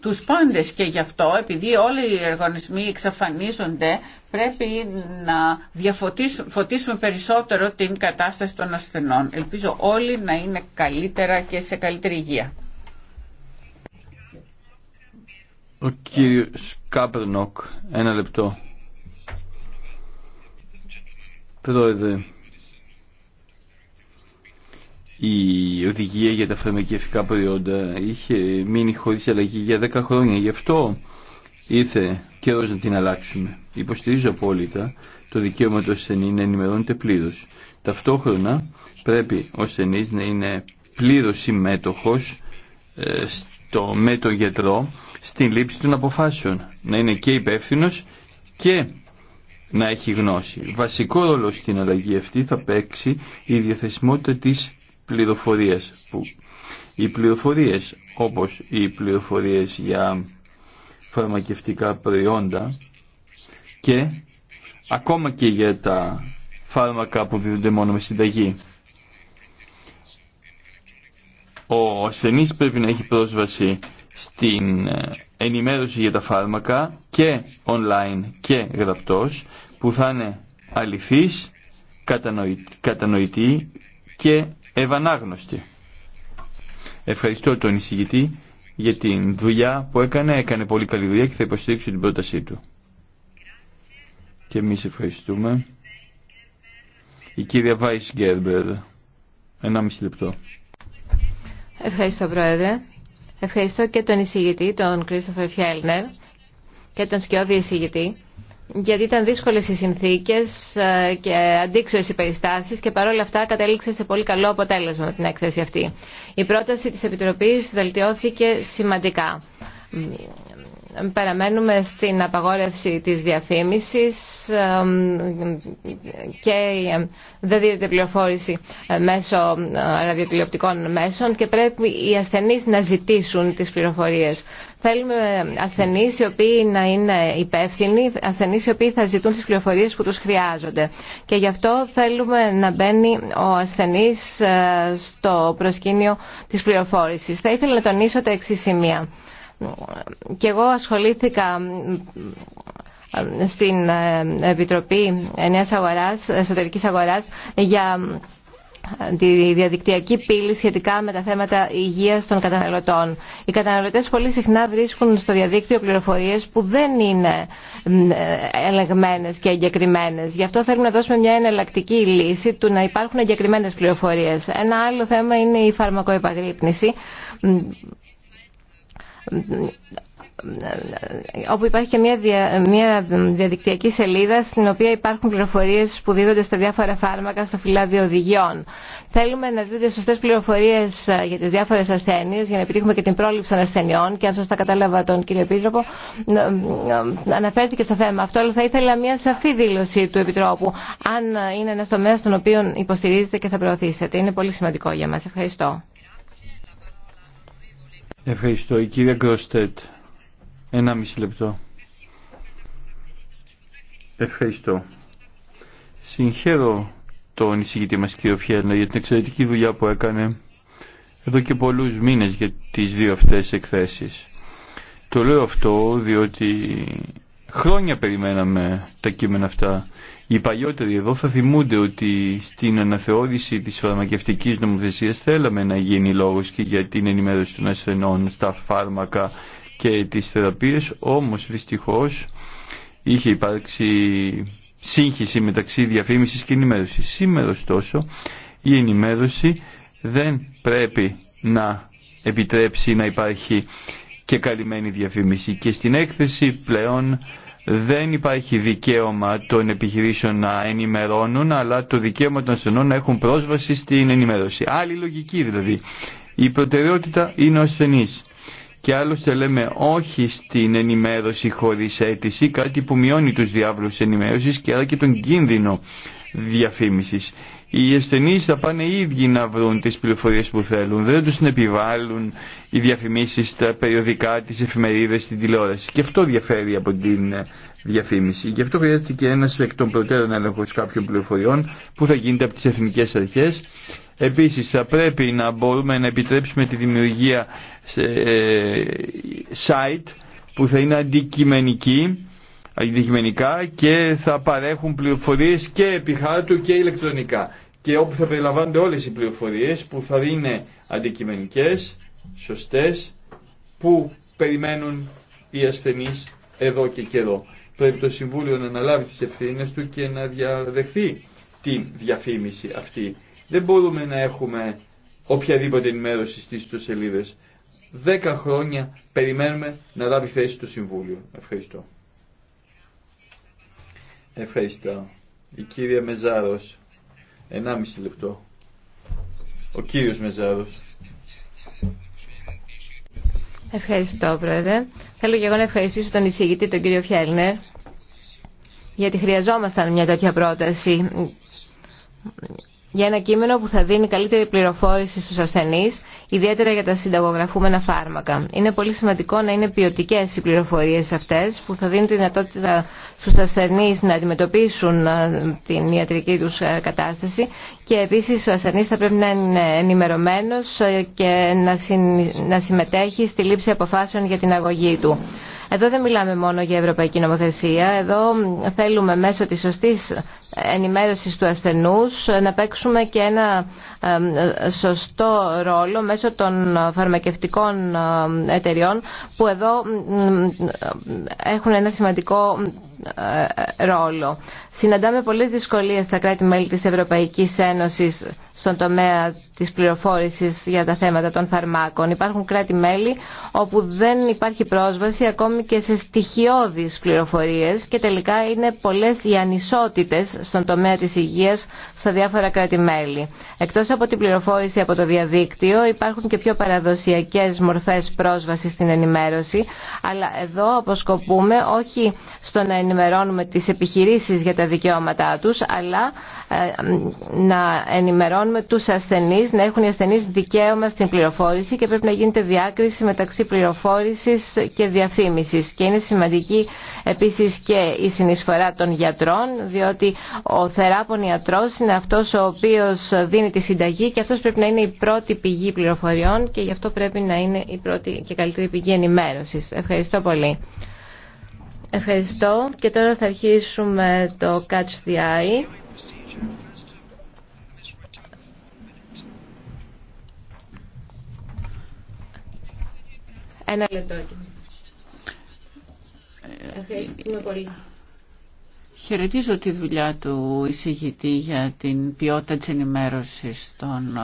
τους πάντες και γι' αυτό επειδή όλοι οι εργονισμοί εξαφανίζονται πρέπει να διαφωτίσουμε περισσότερο την κατάσταση των ασθενών. Ελπίζω όλοι να είναι καλύτερα και σε καλύτερη υγεία. Ο κύριος Κάπερνοκ, ένα λεπτό. Πρόεδρε, η οδηγία για τα φαρμακευτικά προϊόντα είχε μείνει χωρίς αλλαγή για 10 χρόνια. Γι' αυτό ήρθε καιρό να την αλλάξουμε. Υποστηρίζω απόλυτα το δικαίωμα του ασθενή να ενημερώνεται πλήρω. Ταυτόχρονα πρέπει ο ασθενή να είναι πλήρω συμμέτοχος ε, στο, με το γιατρό στην λήψη των αποφάσεων. Να είναι και υπεύθυνο και να έχει γνώση. Βασικό ρόλο στην αλλαγή αυτή θα παίξει η διαθεσιμότητα της πληροφορίες που οι πληροφορίες όπως οι πληροφορίες για φαρμακευτικά προϊόντα και ακόμα και για τα φάρμακα που δίνονται μόνο με συνταγή. Ο ασθενής πρέπει να έχει πρόσβαση στην ε, ενημέρωση για τα φάρμακα και online και γραπτός που θα είναι αληθής, κατανοητή και ευανάγνωστη. Ευχαριστώ τον εισηγητή για την δουλειά που έκανε. Έκανε πολύ καλή δουλειά και θα υποστηρίξω την πρότασή του. Και εμείς ευχαριστούμε. Η κυρία Βάις Γκέρμπερ. Ένα μισή λεπτό. Ευχαριστώ Πρόεδρε. Ευχαριστώ και τον εισηγητή, τον Κρίστοφερ Φιέλνερ και τον σκιώδη εισηγητή γιατί ήταν δύσκολες οι συνθήκες ε, και αντίξωες οι περιστάσεις και παρόλα αυτά κατέληξε σε πολύ καλό αποτέλεσμα την έκθεση αυτή. Η πρόταση της Επιτροπής βελτιώθηκε σημαντικά παραμένουμε στην απαγόρευση της διαφήμισης και δεν δίνεται πληροφόρηση ε, μέσω ε, ραδιοτηλεοπτικών μέσων και πρέπει οι ασθενείς να ζητήσουν τις πληροφορίες. Θέλουμε ασθενείς οι οποίοι να είναι υπεύθυνοι, ασθενείς οι οποίοι θα ζητούν τις πληροφορίες που τους χρειάζονται. Και γι' αυτό θέλουμε να μπαίνει ο ασθενής ε, στο προσκήνιο της πληροφόρησης. Θα ήθελα να τονίσω τα εξή σημεία. Και εγώ ασχολήθηκα στην ε, Επιτροπή Νέας Αγοράς, Εσωτερικής Αγοράς για ε, τη διαδικτυακή πύλη σχετικά με τα θέματα υγείας των καταναλωτών. Οι καταναλωτές πολύ συχνά βρίσκουν στο διαδίκτυο πληροφορίες που δεν είναι ε, ελεγμένες και εγκεκριμένες. Γι' αυτό θέλουμε να δώσουμε μια εναλλακτική λύση του να υπάρχουν εγκεκριμένες πληροφορίες. Ένα άλλο θέμα είναι η φαρμακοεπαγρύπνηση όπου υπάρχει και μια, μια διαδικτυακή σελίδα στην οποία υπάρχουν πληροφορίες που δίδονται στα διάφορα φάρμακα στο φυλάδιο οδηγιών. Θέλουμε να δίδονται σωστές πληροφορίες ε, για τις διάφορες ασθένειες για να επιτύχουμε και την πρόληψη των ασθενειών και αν σωστά κατάλαβα τον κύριο Επίτροπο ε, ε, αναφέρθηκε στο θέμα αυτό αλλά θα ήθελα μια σαφή δήλωση του Επιτρόπου αν είναι ένα τομέα στον οποίο υποστηρίζετε και θα προωθήσετε. Είναι πολύ σημαντικό για μας. Ευχαριστώ. Ευχαριστώ. Η κυρία Γκροστέτ. Ένα μισή λεπτό. Ευχαριστώ. Συγχαίρω τον εισηγητή μας κύριο Φιέρνα για την εξαιρετική δουλειά που έκανε εδώ και πολλούς μήνες για τις δύο αυτές εκθέσεις. Το λέω αυτό διότι χρόνια περιμέναμε τα κείμενα αυτά οι παλιότεροι εδώ θα θυμούνται ότι στην αναθεώρηση της φαρμακευτικής νομοθεσίας θέλαμε να γίνει λόγος και για την ενημέρωση των ασθενών στα φάρμακα και τις θεραπείες, όμως δυστυχώς είχε υπάρξει σύγχυση μεταξύ διαφήμισης και ενημέρωσης. Σήμερα ωστόσο η ενημέρωση δεν πρέπει να επιτρέψει να υπάρχει και καλυμμένη διαφήμιση και στην έκθεση πλέον δεν υπάρχει δικαίωμα των επιχειρήσεων να ενημερώνουν, αλλά το δικαίωμα των ασθενών να έχουν πρόσβαση στην ενημέρωση. Άλλη λογική δηλαδή. Η προτεραιότητα είναι ο ασθενής και άλλωστε λέμε όχι στην ενημέρωση χωρίς αίτηση, κάτι που μειώνει τους διάβλους ενημέρωσης και άρα και τον κίνδυνο διαφήμισης. Οι ασθενείς θα πάνε οι ίδιοι να βρουν τις πληροφορίες που θέλουν, δεν τους επιβάλλουν οι διαφημίσεις στα περιοδικά, τις εφημερίδες, την τηλεόραση. Και αυτό διαφέρει από την διαφήμιση. Γι' αυτό χρειάζεται και ένας εκ των προτέρων έλεγχος κάποιων πληροφοριών που θα γίνεται από τις εθνικές αρχές Επίσης θα πρέπει να μπορούμε να επιτρέψουμε τη δημιουργία ε, site που θα είναι αντικειμενική αντικειμενικά και θα παρέχουν πληροφορίες και επί χάρτου και ηλεκτρονικά και όπου θα περιλαμβάνονται όλες οι πληροφορίες που θα είναι αντικειμενικές, σωστές, που περιμένουν οι ασθενείς εδώ και καιρό. Πρέπει το Συμβούλιο να αναλάβει τις ευθύνες του και να διαδεχθεί τη διαφήμιση αυτή. Δεν μπορούμε να έχουμε οποιαδήποτε ενημέρωση στις ιστοσελίδες. Δέκα χρόνια περιμένουμε να λάβει θέση το Συμβούλιο. Ευχαριστώ. Ευχαριστώ. Η κύρια Μεζάρος. Ενάμιση λεπτό. Ο κύριος Μεζάρος. Ευχαριστώ, Πρόεδρε. Θέλω και εγώ να ευχαριστήσω τον εισηγητή, τον κύριο Φιέλνερ, γιατί χρειαζόμασταν μια τέτοια πρόταση για ένα κείμενο που θα δίνει καλύτερη πληροφόρηση στους ασθενείς, ιδιαίτερα για τα συνταγογραφούμενα φάρμακα. Είναι πολύ σημαντικό να είναι ποιοτικέ οι πληροφορίες αυτές που θα δίνουν τη δυνατότητα στους ασθενείς να αντιμετωπίσουν ε, την ιατρική τους ε, κατάσταση και επίσης ο ασθενής θα πρέπει να είναι ενημερωμένος ε, και να συμμετέχει στη λήψη αποφάσεων για την αγωγή του. Εδώ δεν μιλάμε μόνο για ευρωπαϊκή νομοθεσία. Εδώ θέλουμε μέσω της σωστής ενημέρωσης του ασθενούς να παίξουμε και ένα σωστό ρόλο μέσω των φαρμακευτικών εταιριών που εδώ έχουν ένα σημαντικό ε, ρόλο. Συναντάμε πολλές δυσκολίες στα κράτη-μέλη της Ευρωπαϊκής Ένωσης στον τομέα της πληροφόρησης για τα θέματα των φαρμάκων. Υπάρχουν κράτη-μέλη όπου δεν υπάρχει πρόσβαση ακόμη και σε στοιχειώδεις πληροφορίες και τελικά είναι πολλές οι ανισότητες στον τομέα της υγείας στα διάφορα κράτη-μέλη. Εκτός από την πληροφόρηση από το διαδίκτυο υπάρχουν και πιο παραδοσιακές μορφές πρόσβασης στην ενημέρωση, αλλά εδώ αποσκοπούμε όχι στο να ενημερώνουμε τις επιχειρήσεις για τα δικαιώματά τους, αλλά ε, να ενημερώνουμε τους ασθενείς, να έχουν οι ασθενείς δικαίωμα στην πληροφόρηση και πρέπει να γίνεται διάκριση μεταξύ πληροφόρησης και διαφήμισης. Και είναι σημαντική επίσης και η συνεισφορά των γιατρών, διότι ο θεράπων ιατρός είναι αυτός ο οποίος δίνει τη συνταγή και αυτός πρέπει να είναι η πρώτη πηγή πληροφοριών και γι' αυτό πρέπει να είναι η πρώτη και καλύτερη πηγή ενημέρωσης. Ευχαριστώ πολύ. Ευχαριστώ και τώρα θα αρχίσουμε το Catch the Eye. Ένα λεπτό. Ε, Ευχαριστούμε πολύ. Χαιρετίζω τη δουλειά του εισηγητή για την ποιότητα της ενημέρωσης των ε,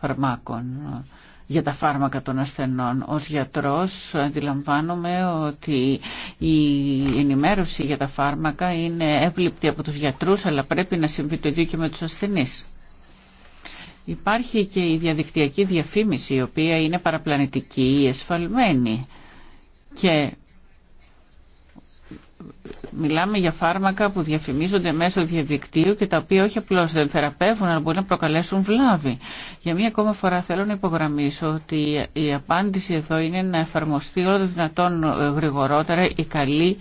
φαρμάκων ε, για τα φάρμακα των ασθενών. Ως γιατρός αντιλαμβάνομαι ότι η ενημέρωση για τα φάρμακα είναι εύληπτη από τους γιατρούς αλλά πρέπει να συμβεί το ίδιο και με τους ασθενείς. Υπάρχει και η διαδικτυακή διαφήμιση η οποία είναι παραπλανητική ή εσφαλμένη και μιλάμε για φάρμακα που διαφημίζονται μέσω διαδικτύου και τα οποία όχι απλώς δεν θεραπεύουν, αλλά μπορεί να προκαλέσουν βλάβη. Για μία ακόμα φορά θέλω να υπογραμμίσω ότι η απάντηση εδώ είναι να εφαρμοστεί όλο το δυνατόν ε, γρηγορότερα η καλή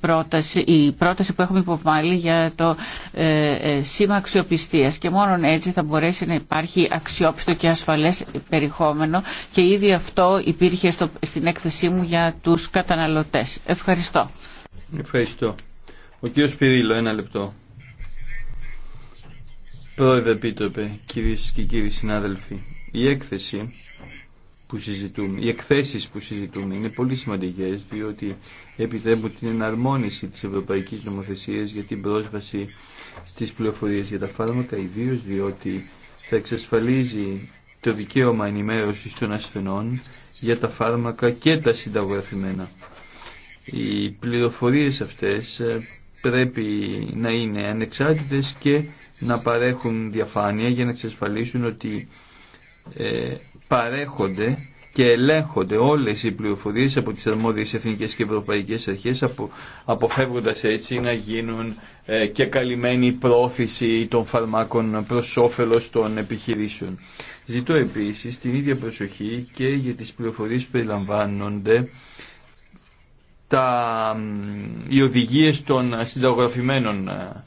πρόταση, η πρόταση που έχουμε υποβάλει για το ε, ε, σήμα αξιοπιστία. Και μόνο έτσι θα μπορέσει να υπάρχει αξιόπιστο και ασφαλέ περιεχόμενο και ήδη αυτό υπήρχε στο, στην έκθεσή μου για τους καταναλωτές. Ευχαριστώ. Ευχαριστώ. Ο κύριο Πυρίλο, ένα λεπτό. Πρόεδρε Επίτροπε, κύριε και κύριοι συνάδελφοι, η έκθεση που συζητούμε, οι εκθέσει που συζητούμε είναι πολύ σημαντικέ, διότι επιτρέπουν την εναρμόνιση τη Ευρωπαϊκή Νομοθεσία για την πρόσβαση στι πληροφορίε για τα φάρμακα, ιδίω διότι θα εξασφαλίζει το δικαίωμα ενημέρωση των ασθενών για τα φάρμακα και τα συνταγογραφημένα. Οι πληροφορίες αυτές ε, πρέπει να είναι ανεξάρτητες και να παρέχουν διαφάνεια για να εξασφαλίσουν ότι ε, παρέχονται και ελέγχονται όλες οι πληροφορίες από τις αρμόδιες εθνικές και ευρωπαϊκές αρχές απο, αποφεύγοντας έτσι να γίνουν ε, και καλυμμένη πρόθεση των φαρμάκων προς όφελος των επιχειρήσεων. Ζητώ επίσης την ίδια προσοχή και για τις πληροφορίες που περιλαμβάνονται τα, οι οδηγίες των συνταγογραφημένων ε,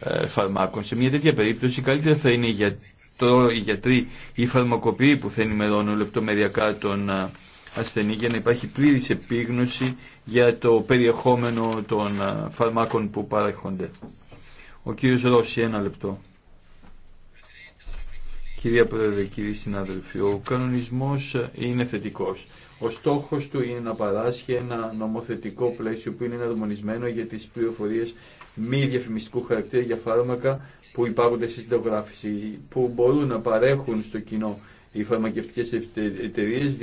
ε, φαρμάκων. Σε μια τέτοια περίπτωση καλύτερα θα είναι για το, οι γιατροί ή οι φαρμακοποιοί που θα ενημερώνουν λεπτομεριακά τον ε, ασθενή για να υπάρχει πλήρης επίγνωση για το περιεχόμενο των φαρμάκων που παρέχονται. Ο κύριος Ρώση, ένα λεπτό. Κυρία Πρόεδρε, κύριοι συνάδελφοι, ο κανονισμός είναι θετικός. Ο στόχος του είναι να παράσχει ένα νομοθετικό πλαίσιο που είναι εναρμονισμένο για τις πληροφορίες μη διαφημιστικού χαρακτήρα για φάρμακα που υπάρχουν στη συνταγράφηση, που μπορούν να παρέχουν στο κοινό οι φαρμακευτικές εταιρείες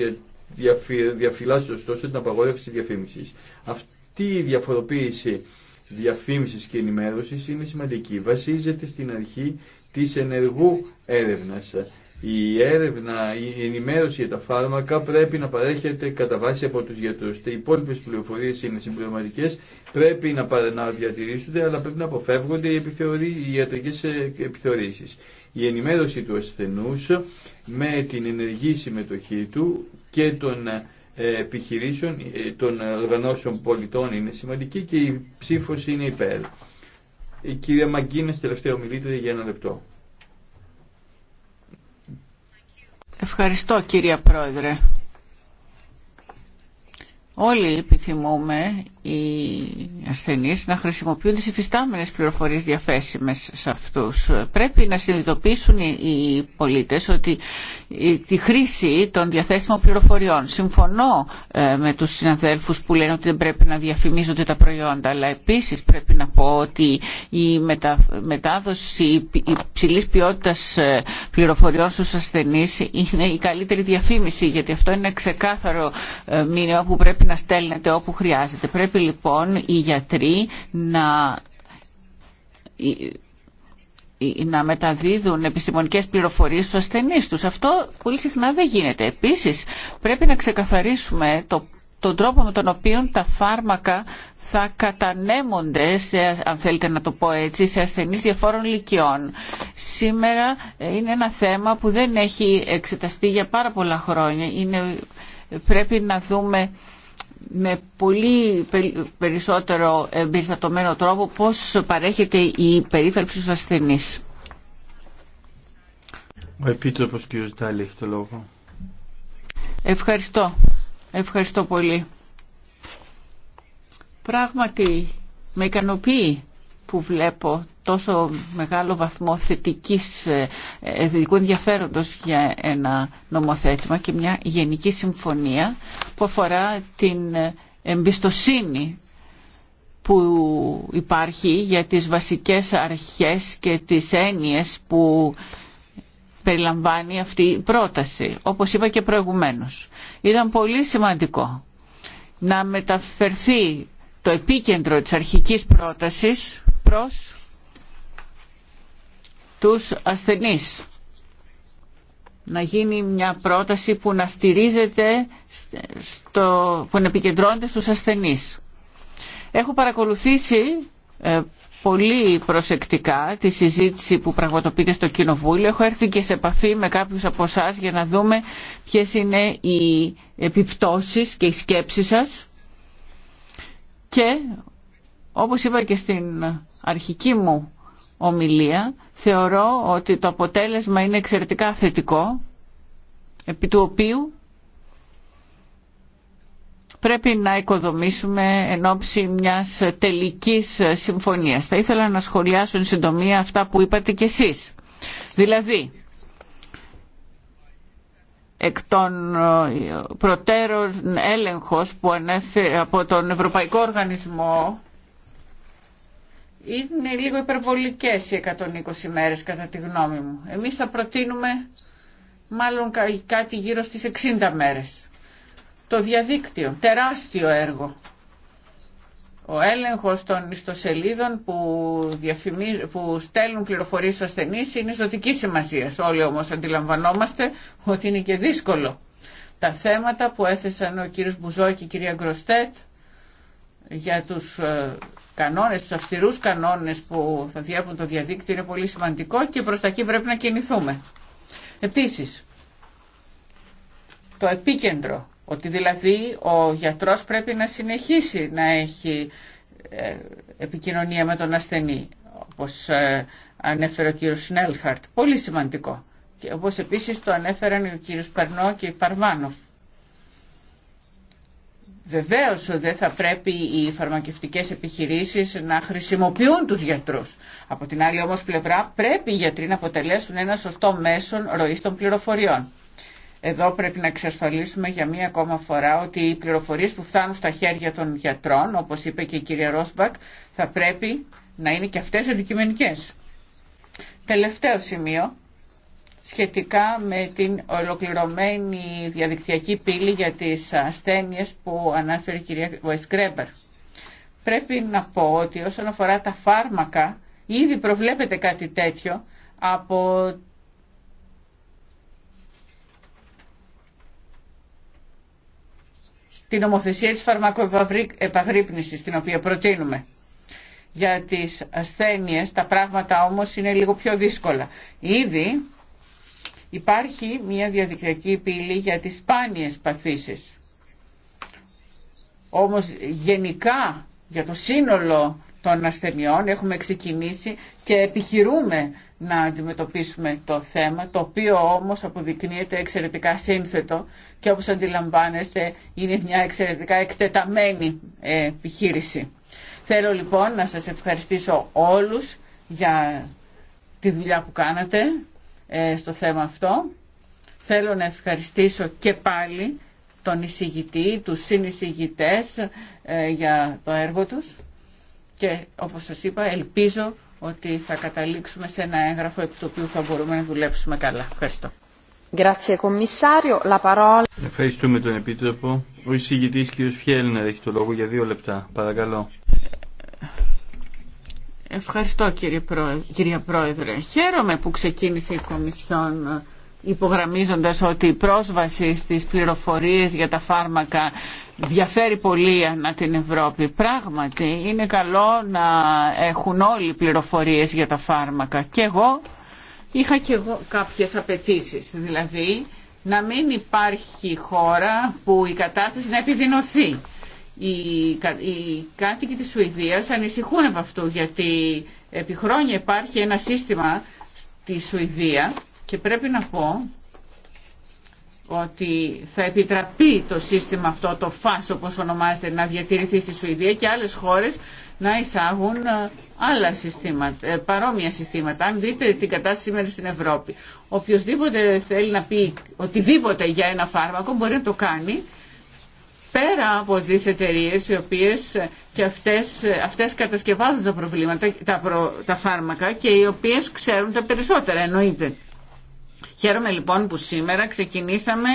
διαφυλάσσονται ωστόσο την απαγόρευση διαφήμιση. Αυτή η διαφοροποίηση διαφήμισης και ενημέρωσης είναι σημαντική. Βασίζεται στην αρχή της ενεργού έρευνας. Η έρευνα, η ενημέρωση για τα φάρμακα πρέπει να παρέχεται κατά βάση από τους γιατρούς. Οι υπόλοιπε πληροφορίες είναι συμπληρωματικές, πρέπει να, να διατηρήσονται, αλλά πρέπει να αποφεύγονται οι, οι ιατρικές ε, επιθεωρήσεις. Η ενημέρωση του ασθενούς με την ενεργή συμμετοχή του και των ε, επιχειρήσεων, ε, των οργανώσεων πολιτών είναι σημαντική και η ψήφος είναι υπέρ. Η κυρία Μαγκίνε, τελευταία ομιλήτρια για ένα λεπτό. Ευχαριστώ κυρία Πρόεδρε. Όλοι επιθυμούμε οι ασθενείς να χρησιμοποιούν τις υφιστάμενες πληροφορίες διαθέσιμες σε αυτούς. Πρέπει να συνειδητοποιήσουν οι πολίτες ότι τη χρήση των διαθέσιμων πληροφοριών. Συμφωνώ ε, με τους συναδέλφους που λένε ότι δεν πρέπει να διαφημίζονται τα προϊόντα, αλλά επίσης πρέπει να πω ότι η μετάδοση υψηλή ποιότητα ε, πληροφοριών στους ασθενείς είναι η καλύτερη διαφήμιση, γιατί αυτό είναι ξεκάθαρο ε, μήνυμα που πρέπει να στέλνετε όπου χρειάζεται πρέπει λοιπόν οι γιατροί να να μεταδίδουν επιστημονικές πληροφορίες στους ασθενείς τους. Αυτό πολύ συχνά δεν γίνεται. Επίσης, πρέπει να ξεκαθαρίσουμε το, τον τρόπο με τον οποίο τα φάρμακα θα κατανέμονται, σε, αν θέλετε να το πω έτσι, σε ασθενείς διαφόρων ηλικιών. Σήμερα ε, είναι ένα θέμα που δεν έχει εξεταστεί για πάρα πολλά χρόνια. Είναι, πρέπει να δούμε με πολύ περισσότερο εμπιστατωμένο τρόπο πώς παρέχεται η περίφερψη στους ασθενείς. Ο Επίτροπος κ. έχει το λόγο. Ευχαριστώ. Ευχαριστώ πολύ. Πράγματι με ικανοποιεί που βλέπω τόσο μεγάλο βαθμό θετικής, ε, ε, θετικού ενδιαφέροντος για ένα νομοθέτημα και μια γενική συμφωνία που αφορά την ε, εμπιστοσύνη που υπάρχει για τις βασικές αρχές και τις έννοιες που περιλαμβάνει αυτή η πρόταση, όπως είπα και προηγουμένως. Ήταν πολύ σημαντικό να μεταφερθεί το επίκεντρο της αρχικής πρότασης προς τους ασθενείς. Να γίνει μια πρόταση που να στηρίζεται, στο, που να επικεντρώνεται στους ασθενείς. Έχω παρακολουθήσει ε, πολύ προσεκτικά τη συζήτηση που πραγματοποιείται στο Κοινοβούλιο. Έχω έρθει και σε επαφή με κάποιους από εσά για να δούμε ποιες είναι οι επιπτώσεις και οι σκέψεις σας. Και όπως είπα και στην αρχική μου ομιλία, θεωρώ ότι το αποτέλεσμα είναι εξαιρετικά θετικό, επί του οποίου πρέπει να οικοδομήσουμε εν ώψη μιας τελικής συμφωνίας. Θα ήθελα να σχολιάσω εν συντομία αυτά που είπατε κι εσείς. Δηλαδή, εκ των ε, προτέρων έλεγχος που ανέφερε από τον Ευρωπαϊκό Οργανισμό είναι λίγο υπερβολικές οι 120 μέρες κατά τη γνώμη μου. Εμείς θα προτείνουμε μάλλον κάτι γύρω στις 60 μέρες. Το διαδίκτυο, τεράστιο έργο. Ο έλεγχος των ιστοσελίδων που, που στέλνουν πληροφορίες στους ασθενείς είναι ζωτική σημασία. Όλοι όμως αντιλαμβανόμαστε ότι είναι και δύσκολο. Τα θέματα που έθεσαν ο κύριος Μπουζό και η κυρία Γκροστέτ για τους ε, κανόνες, τους αυστηρούς κανόνες που θα διέπουν το διαδίκτυο είναι πολύ σημαντικό και προς τα εκεί πρέπει να κινηθούμε. Επίσης, το επίκεντρο, ότι δηλαδή ο γιατρός πρέπει να συνεχίσει να έχει ε, επικοινωνία με τον ασθενή, όπως ε, ανέφερε ο κύριος Σνέλχαρτ, πολύ σημαντικό. Και όπως επίσης το ανέφεραν ο κύριος Περνό και η Παρμάνοφ. Βεβαίως δεν θα πρέπει οι φαρμακευτικές επιχειρήσεις να χρησιμοποιούν τους γιατρούς. Από την άλλη όμως πλευρά πρέπει οι γιατροί να αποτελέσουν ένα σωστό μέσον ροής των πληροφοριών. Εδώ πρέπει να εξασφαλίσουμε για μία ακόμα φορά ότι οι πληροφορίες που φτάνουν στα χέρια των γιατρών, όπως είπε και η κυρία Ρόσμπακ, θα πρέπει να είναι και αυτές αντικειμενικές. Τελευταίο σημείο σχετικά με την ολοκληρωμένη διαδικτυακή πύλη για τις ασθένειες που ανάφερε η κυρία Βουεσκρέμπερ. Πρέπει να πω ότι όσον αφορά τα φάρμακα, ήδη προβλέπεται κάτι τέτοιο από την ομοθεσία της φαρμακοεπαγρύπνησης την οποία προτείνουμε. Για τις ασθένειες τα πράγματα όμως είναι λίγο πιο δύσκολα. Ήδη Υπάρχει μια διαδικτυακή πύλη για τις σπάνιες παθήσεις. Όμως γενικά για το σύνολο των ασθενειών έχουμε ξεκινήσει και επιχειρούμε να αντιμετωπίσουμε το θέμα, το οποίο όμως αποδεικνύεται εξαιρετικά σύνθετο και όπως αντιλαμβάνεστε είναι μια εξαιρετικά εκτεταμένη ε, επιχείρηση. Θέλω λοιπόν να σας ευχαριστήσω όλους για τη δουλειά που κάνατε ε, στο θέμα αυτό. Θέλω να ευχαριστήσω και πάλι τον εισηγητή, τους συνεισηγητές ε, για το έργο τους και όπως σας είπα ελπίζω ότι θα καταλήξουμε σε ένα έγγραφο επί το οποίο θα μπορούμε να δουλέψουμε καλά. Ευχαριστώ. Ευχαριστούμε τον Επίτροπο. Ο εισηγητής κ. Φιέλνερ έχει το λόγο για δύο λεπτά. Παρακαλώ. Ευχαριστώ κύριε Πρόεδρε, κυρία Πρόεδρε. Χαίρομαι που ξεκίνησε η Κομισιόν ε, υπογραμμίζοντας ότι η πρόσβαση στις πληροφορίες για τα φάρμακα διαφέρει πολύ ανά την Ευρώπη. Πράγματι, είναι καλό να έχουν όλοι πληροφορίες για τα φάρμακα. Και εγώ είχα και εγώ κάποιες απαιτήσει, δηλαδή να μην υπάρχει χώρα που η κατάσταση να επιδεινωθεί οι κάτοικοι της Σουηδίας ανησυχούν από αυτού γιατί επί χρόνια υπάρχει ένα σύστημα στη Σουηδία και πρέπει να πω ότι θα επιτραπεί το σύστημα αυτό, το φάσο όπως ονομάζεται, να διατηρηθεί στη Σουηδία και άλλες χώρες να εισάγουν ε, άλλα συστήματα, ε, παρόμοια συστήματα. Αν δείτε την κατάσταση σήμερα στην Ευρώπη, οποιοδήποτε θέλει να πει οτιδήποτε για ένα φάρμακο μπορεί να το κάνει πέρα από τις εταιρείε οι οποίες και αυτές, αυτές κατασκευάζουν τα, προβλήματα, τα, τα φάρμακα και οι οποίες ξέρουν τα περισσότερα εννοείται. Χαίρομαι λοιπόν που σήμερα ξεκινήσαμε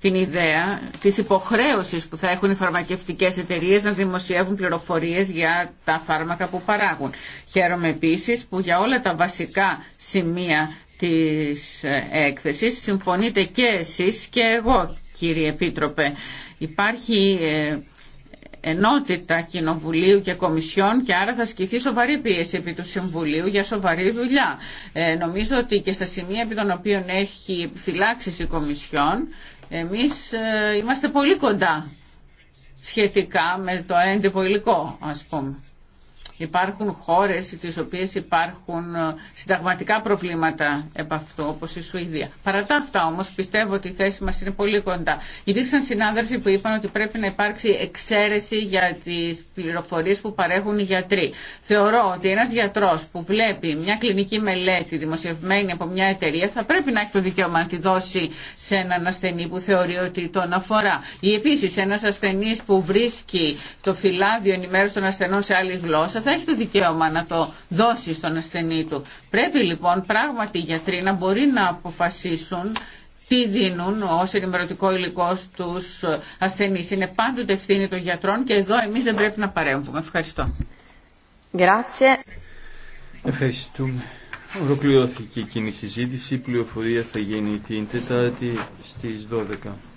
την ιδέα της υποχρέωσης που θα έχουν οι φαρμακευτικές εταιρείες να δημοσιεύουν πληροφορίες για τα φάρμακα που παράγουν. Χαίρομαι επίσης που για όλα τα βασικά σημεία της ε, έκθεσης συμφωνείτε και εσείς και εγώ κύριε Επίτροπε. Υπάρχει ε, ενότητα Κοινοβουλίου και Κομισιόν και άρα θα ασκηθεί σοβαρή πίεση επί του Συμβουλίου για σοβαρή δουλειά. Ε, νομίζω ότι και στα σημεία επί των οποίων έχει φυλάξει η Κομισιόν, εμείς ε, είμαστε πολύ κοντά σχετικά με το έντυπο υλικό, ας πούμε. Υπάρχουν χώρες τις οποίες υπάρχουν ε, συνταγματικά προβλήματα επ' αυτού, όπως η Σουηδία. Παρά τα αυτά όμως πιστεύω ότι η θέση μας είναι πολύ κοντά. Υπήρξαν συνάδελφοι που είπαν ότι πρέπει να υπάρξει εξαίρεση για τις πληροφορίες που παρέχουν οι γιατροί. Θεωρώ ότι ένας γιατρός που βλέπει μια κλινική μελέτη δημοσιευμένη από μια εταιρεία θα πρέπει να έχει το δικαίωμα να τη δώσει σε έναν ασθενή που θεωρεί ότι τον αφορά. Ή επίσης ένας ασθενής που βρίσκει το φυλάδιο ενημέρωση των ασθενών σε άλλη γλώσσα έχει το δικαίωμα να το δώσει στον ασθενή του. Πρέπει λοιπόν πράγματι οι γιατροί να μπορεί να αποφασίσουν τι δίνουν ω ενημερωτικό υλικό στου ασθενεί. Είναι πάντοτε ευθύνη των γιατρών και εδώ εμεί δεν πρέπει να παρέμβουμε. Ευχαριστώ. Ευχαριστούμε. Ολοκληρώθηκε εκείνη η συζήτηση. Η πληροφορία θα γίνει την Τετάρτη στις 12.